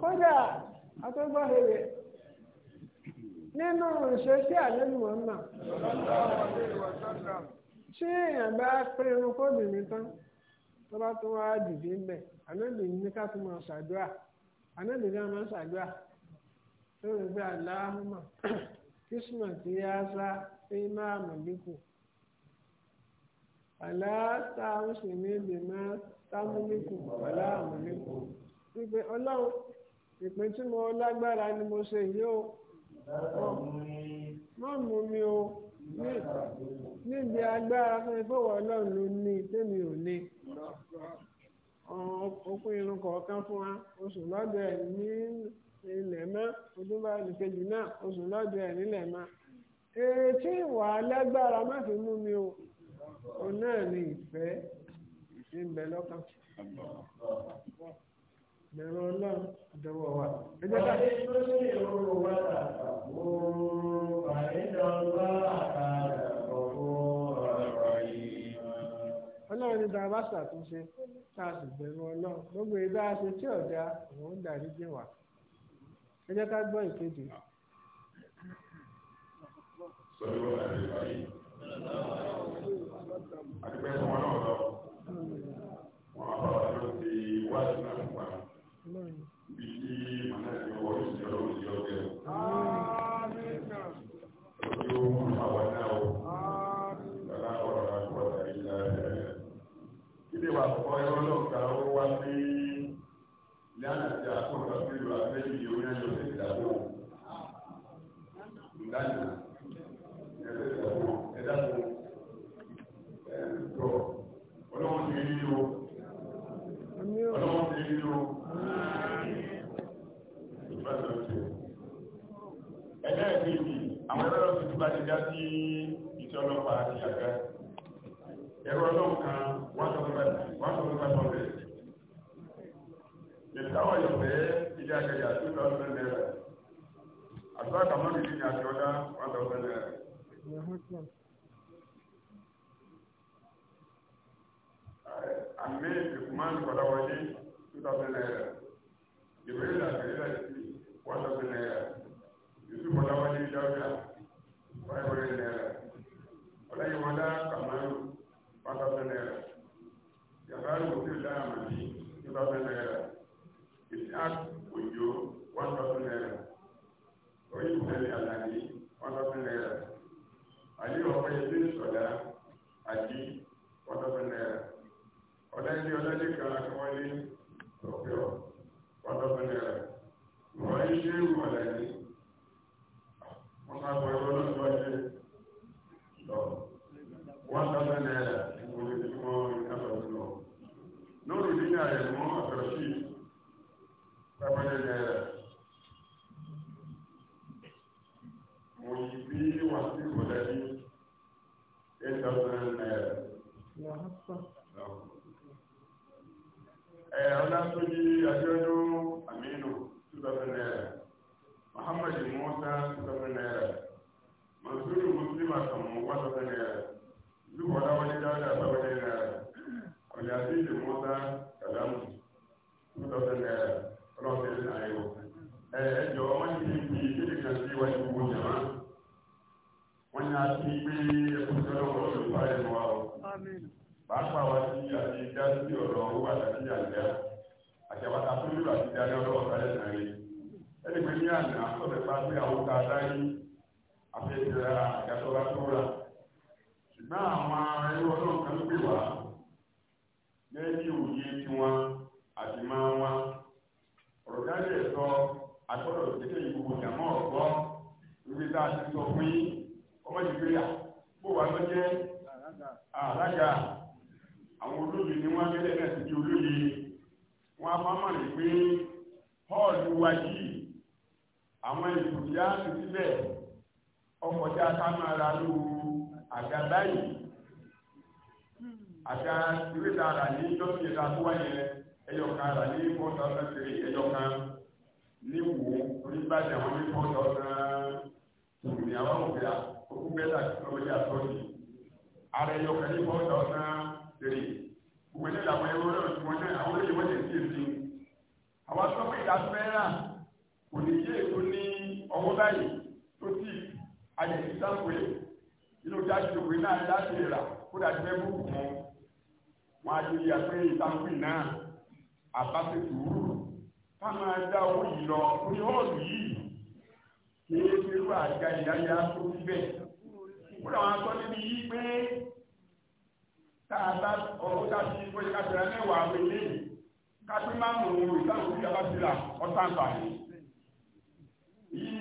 kódà nínú ìṣesí ṣé èèyàn bá pé irun kóòdù mi tán tó bá tún wá dìde ń bẹ̀ ànábì ní ká tún máa ṣàdúrà ànábì náà máa ṣàdúrà lórí pé aláhùnmá kìsùnà tí yá sá fún máàmù dínkù aláàtà ó sì ní ibi máa támúlíkù aláàmúlíkù wípé ọlọ́run ìpín tí mo lágbára ni mo ṣe yìí ó mọ̀ mú mi o níbi agbára fún mi pé wọ́n ọlọ́run ló ní tèmi ò ní òpin irun kọ̀ọ̀kan fún wa oṣù lọ́dọ̀ ẹ̀ ní ilẹ̀ mọ́ ojúbà nìkejì náà oṣù lọ́dọ̀ ẹ̀ nílẹ̀ mọ́ ètí ìwà alágbára má fi mú mi o òun náà ni ìfẹ́ ìbẹ̀ lọ́kàn bẹ̀rù ọlọ́run ìdánwò wa. ẹgbẹ́ ká. ọ̀sẹ̀ tó ní ìrorò wá àtàkùn àìdánwò àtàkùn ọ̀rọ̀ yìí. ọlọ́run ní bá a bá ṣàtúnṣe tá a sì bẹ̀rù ọlọ́run gbogbo ìgbà aṣọ tí ọ̀dà òun dàrí jìn wá. ẹgbẹ́ ká gbọ́ ìkéde. sọ́dọ̀ àdìbáyé àdìbáyé. two thousand naira àdúrà kàmọ́nìlì ní àjọ́dá one thousand naira. àmì ìkùmáàlì kọ̀dá wọlé two thousand naira ìbéèrè àgbèrè àti one thousand naira yusuf kọ̀dá wọlé dáwúdà five hundred naira ọ̀làyíwọlá kàmọ́nù one thousand naira yàrá ìwòsàn ìlànà àmàlí two thousand naira ìsìn àkójọ one thousand naira oyinbẹ̀lẹ̀ alani one thousand naira àlẹ́ ọ̀pẹ̀yẹdẹ sọ̀dá àjí one thousand naira ọ̀dájú ọ̀dájú kan akọ́wálé tọ̀pẹ̀ọ̀ one thousand naira wọ́n ayé ṣé wù ọ̀làní wọ́n máa bọ̀ Muhammad Musa sɔbɛ naira Mansuru Muslima Sɔmɔgɔ sɔbɛ naira Zubɔla Wale Dawuda sɔbɛ naira Kɔlɛasiji Musa Kalamu sɔbɛ naira Rɔbɛ Nayo. Ɛɛ jɔ wọ́n ti fi ìdílé kan sí wáyé gbogbo jama. Wọ́n yà ti gbé ẹ̀kúnṣẹ́lẹ̀ wọ́n lò fáyé wa o. Pàápàá wa ti àti dá sí ọ̀rọ̀ owó àti àti àjá. Àjàwátà tó lò àti dá ní ọlọ́wọ́ sáyẹ̀ sáré. ẹni ní àná àtọ̀lẹ̀ gbé àwọn ká dáyé afẹ́jẹra àyàtọ̀lá tó rà ṣùgbọ́n àwọn ẹrú ọlọ́run kan gbé wá òye tiwọn àti máa wọn ìgbòho ìyàmọ́ ọ̀gbọ́ tá a ti sọ fún yín ọmọdé pé à bó wàá lọ jẹ́ àwọn olóyè ni wọ́n náà ti di máa mọ̀ ní pé họ́ọ̀lù àwọn ìgbòkè á ti sílẹ̀ ọkọ̀ tí a ká máa ra ló àga báyìí àga ìwé ta rà ní jọ́sí ìta tó wáyé ẹyọ kan rà ní four thousand three ẹyọ kan ní wo onígbàdàn àwọn ní four thousand two ní àwọn òkè òkú mẹ́ta tí wọ́n yà sọ́ọ̀tì ara ẹyọ kan ní four thousand three òkú mẹ́ta làwọn ẹ̀rọ náà tí wọ́n náà àwọn olóyè wọ́n ti ń ṣe é sí i àwọn sọ́kùnrin ìdásílẹ̀ náà kò ní yé ètò ní ọwọ́ báyìí tó ti àyẹ̀sí sáfùwé inú dájú òwe náà láti lè rà kódà tí wọ́n bùkún wọn wọn á lóye àpé ìtàkùn náà àbáṣetù táwọn ajá owó yìí lọ ní ọ̀ọ̀lù yìí kìí ṣe irú àga tó fi bẹ́ẹ̀ kódà wọn sọ níbi yìí pé tá a bá ọ̀rọ̀ tá a fi wọ́n ká tẹ̀lé mẹ́wàá wọlé ká tó máa mọ̀ ọ́n ìtàkùn ìjọba ti rà ọ̀tá àǹfààní.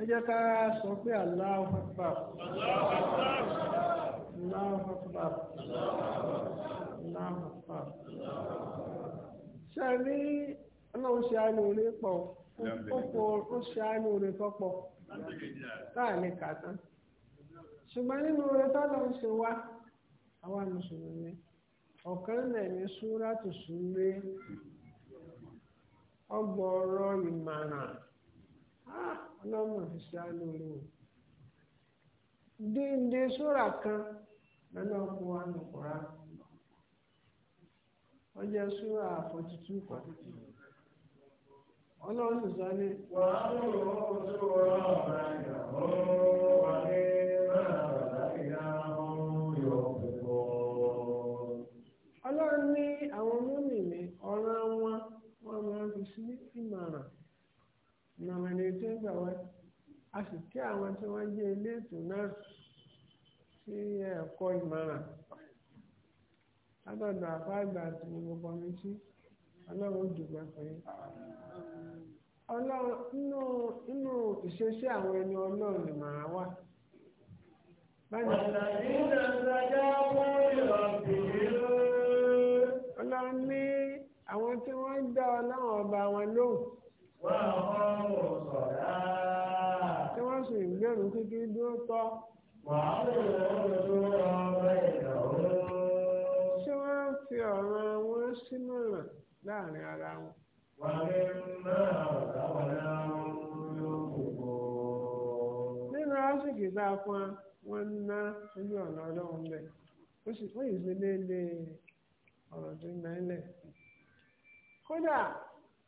ẹ jẹ́ ká sọ pé Allahu Akbar Allahu ṣe rí ọlọ́run ṣe àánú orí pọ̀ ó ṣe àánú orí tó pọ̀ láàrin kàtá ṣùgbọ́n nínú ṣe wá àwa mùsùlùmí ọ̀kan náà ní súrátù Ah, ọlọ́run fi ṣáánú rí o díndé sóra kan lọ́nà ọkọ̀ ànàkọ̀rá wọ́n jẹ́ sóra forty two forty two ọlọ́run sọ wọn sí ìmọ̀mọ̀ ni tí ń gbà wá a sì kí àwọn tí wọ́n jẹ́ ilé ètò náà sí ẹ̀kọ́ ìmọ̀ràn látọ̀dọ̀ àfáàgbà àti gbogbo kọ́mítì ọlọ́run dùgbà pẹ̀lú. ọlọ́run nínú ìṣesí àwọn ẹni ọlọ́run ìmọ̀ràn wà. ọlọ́run ní àwọn tí wọ́n dá ọlọ́run ọba wọn lóhùn tí wọ́n sì ń gbẹ̀rù kíkí bí ó tọ́. tí wọ́n fi ọ̀rọ̀ wọn sínú rẹ̀ láàrin ara wọn. nínú àsìkò tá a fún wọn ń ná ojú ọ̀nà ọlọ́run bẹ́ẹ̀ ó sì fún ìsinmi ọ̀rọ̀ tó ń bẹ́ẹ̀ lẹ̀. kódà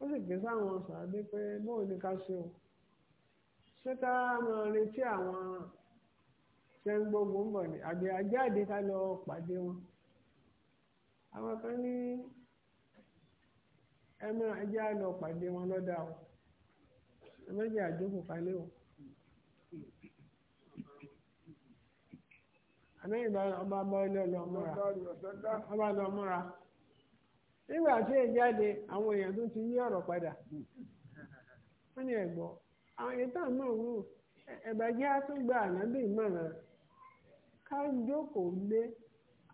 ó sì gbé sáwọn sàádé pé bóun ni ká ṣe o ṣé ká máa retí àwọn ṣe ń gbógun ń bọ̀ ni ajáde ká lọ pàdé wọn àwọn kan ní ẹ máa lọ pàdé wọn lọ́dà o ẹ má jẹ́ àjókòó o. àmì ìbára ọba bá ilé ọlọmọra ọba nígbà tí ẹ jáde àwọn èèyàn tó ti yí ọ̀rọ̀ padà wọ́n ní ẹ̀gbọ́ àwọn èèyàn tá à mọ̀ ẹ̀bàjẹ́ á gba ànábì mọ̀ràn ká jókòó lé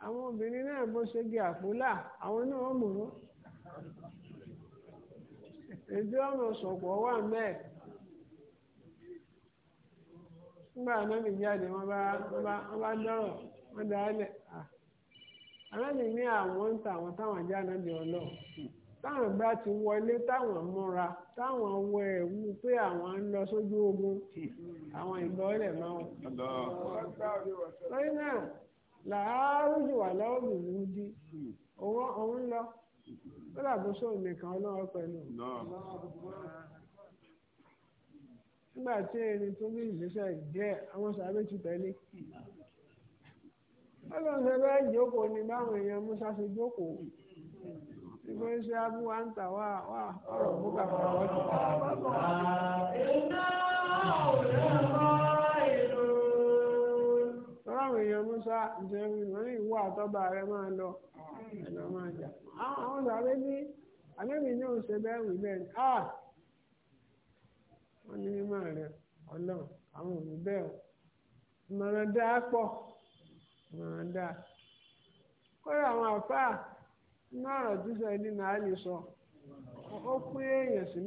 àwọn obìnrin náà bó ṣe di àpólà àwọn náà mọ̀ ọ́ ọ̀nà wà mẹ́ẹ̀ nígbà ànábì jáde wọ́n bá wọ́n aráàlú ní àwọn ń ta àwọn táwọn ajá náà lè ọlọ táwọn bá ti wọlé táwọn múra táwọn wọ ẹ̀wù pé àwọn ń lọ sójú ogun àwọn ìbọ̀lẹ̀ máa wọ. lóyún náà làárùjù wà lọ́wọ́ bìbí di òun ń lọ ó dàbí sóun nìkan ọlọ́wọ́ pẹ̀lú nígbà tí ẹni tó ní ìgbésẹ̀ jẹ́ àwọn sàbẹ̀ ti tẹ̀lé ọlọ́run ṣe bẹ́ẹ̀ jókòó ni báwọn èèyàn musa ṣe jókòó ìgbẹ́ iṣẹ́ abúwá ń tà wá wá ọ̀rọ̀ búkà fún ọ̀rọ̀ jù. iná òde kọ́ ìlú. ọlọ́run èèyàn musa ǹjẹ́ ìwọ̀n ìwọ àtọ́ba rẹ máa lọ máa jà. àwọn ní ah! ní bẹ́ẹ̀ wọ́n ní mímọ́ rẹ ọlọ́run àwọn òbí bẹ́ẹ̀ pọ̀. gbọ̀n dà afọ àwọn àfáà nínú jíjọ ẹni sọ ó èèyàn sí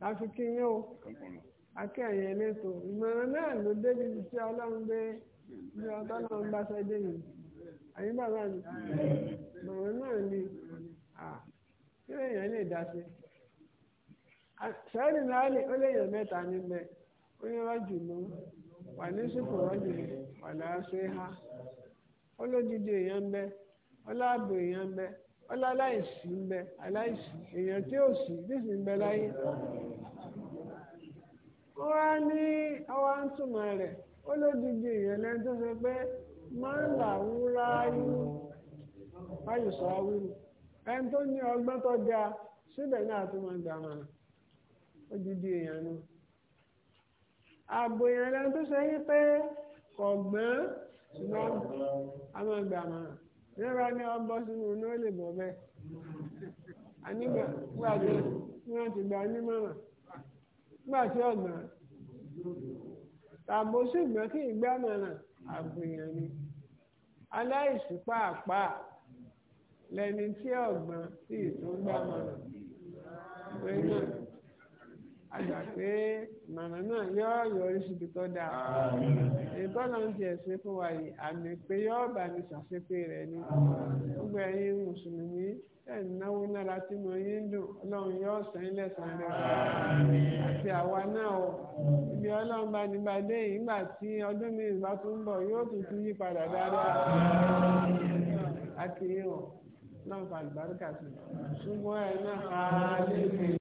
láti kí yín o ìmọ̀ràn náà ló débi tí ọlọ́run bá yìí àyín bàbá mi ìmọ̀ràn náà ni kí lè dá sí sẹ́yìn náà ó mẹ́ta ó wà ní sùkùrọ́jì wàlá ṣe ha ọlódìdí èèyàn ń bẹ ọláàbò èèyàn ń bẹ ọláláìsí ń bẹ aláìsí èèyàn tí ò sí nísìnyí ń bẹ láyé ó wá ní ọwá ń túmọ̀ rẹ̀ olódìdí èèyàn lẹ́nu tó sọ pé máa ń là ààbò èèyàn lẹ́nu tó ṣe yí pé kọ̀gbọ́n ṣùgbọ́n àwọn ìgbàmọ̀ nígbà ní ọbọ̀ sínú ní ó lè bọ̀ bẹ́ẹ̀ ànígbà tí wọ́n ti gba onímọ̀ràn nígbà tí ọ̀gbọ́n tàbó ṣùgbọ́n kí ìgbàmọ̀ràn ààbò èèyàn ni aláìsí pàápàá lẹni tí ọ̀gbọ́n sì tún gbàmọ̀ràn pẹ̀lú àgbà pé màmá náà yóò yọrí síbi tó dáa ètò náà ti ẹ̀sìn fún wa yìí àmì pé yóò bá mi ṣàṣepé rẹ̀ ni gbogbo ẹ̀yin mùsùlùmí ẹ̀ náwó nára tí mo yín dùn ọlọ́run yóò sẹ́yìn lẹ́sàn-án rẹ̀ àti àwa náà o ibi ọlọ́run bá ní bá dé ìgbà tí ọdún mi ìgbà tó ń bọ̀ yóò tún tún yí padà dáadáa àti ìhàn náà fa àlùbáríkà sí ṣùgbọ́n ẹ̀ náà.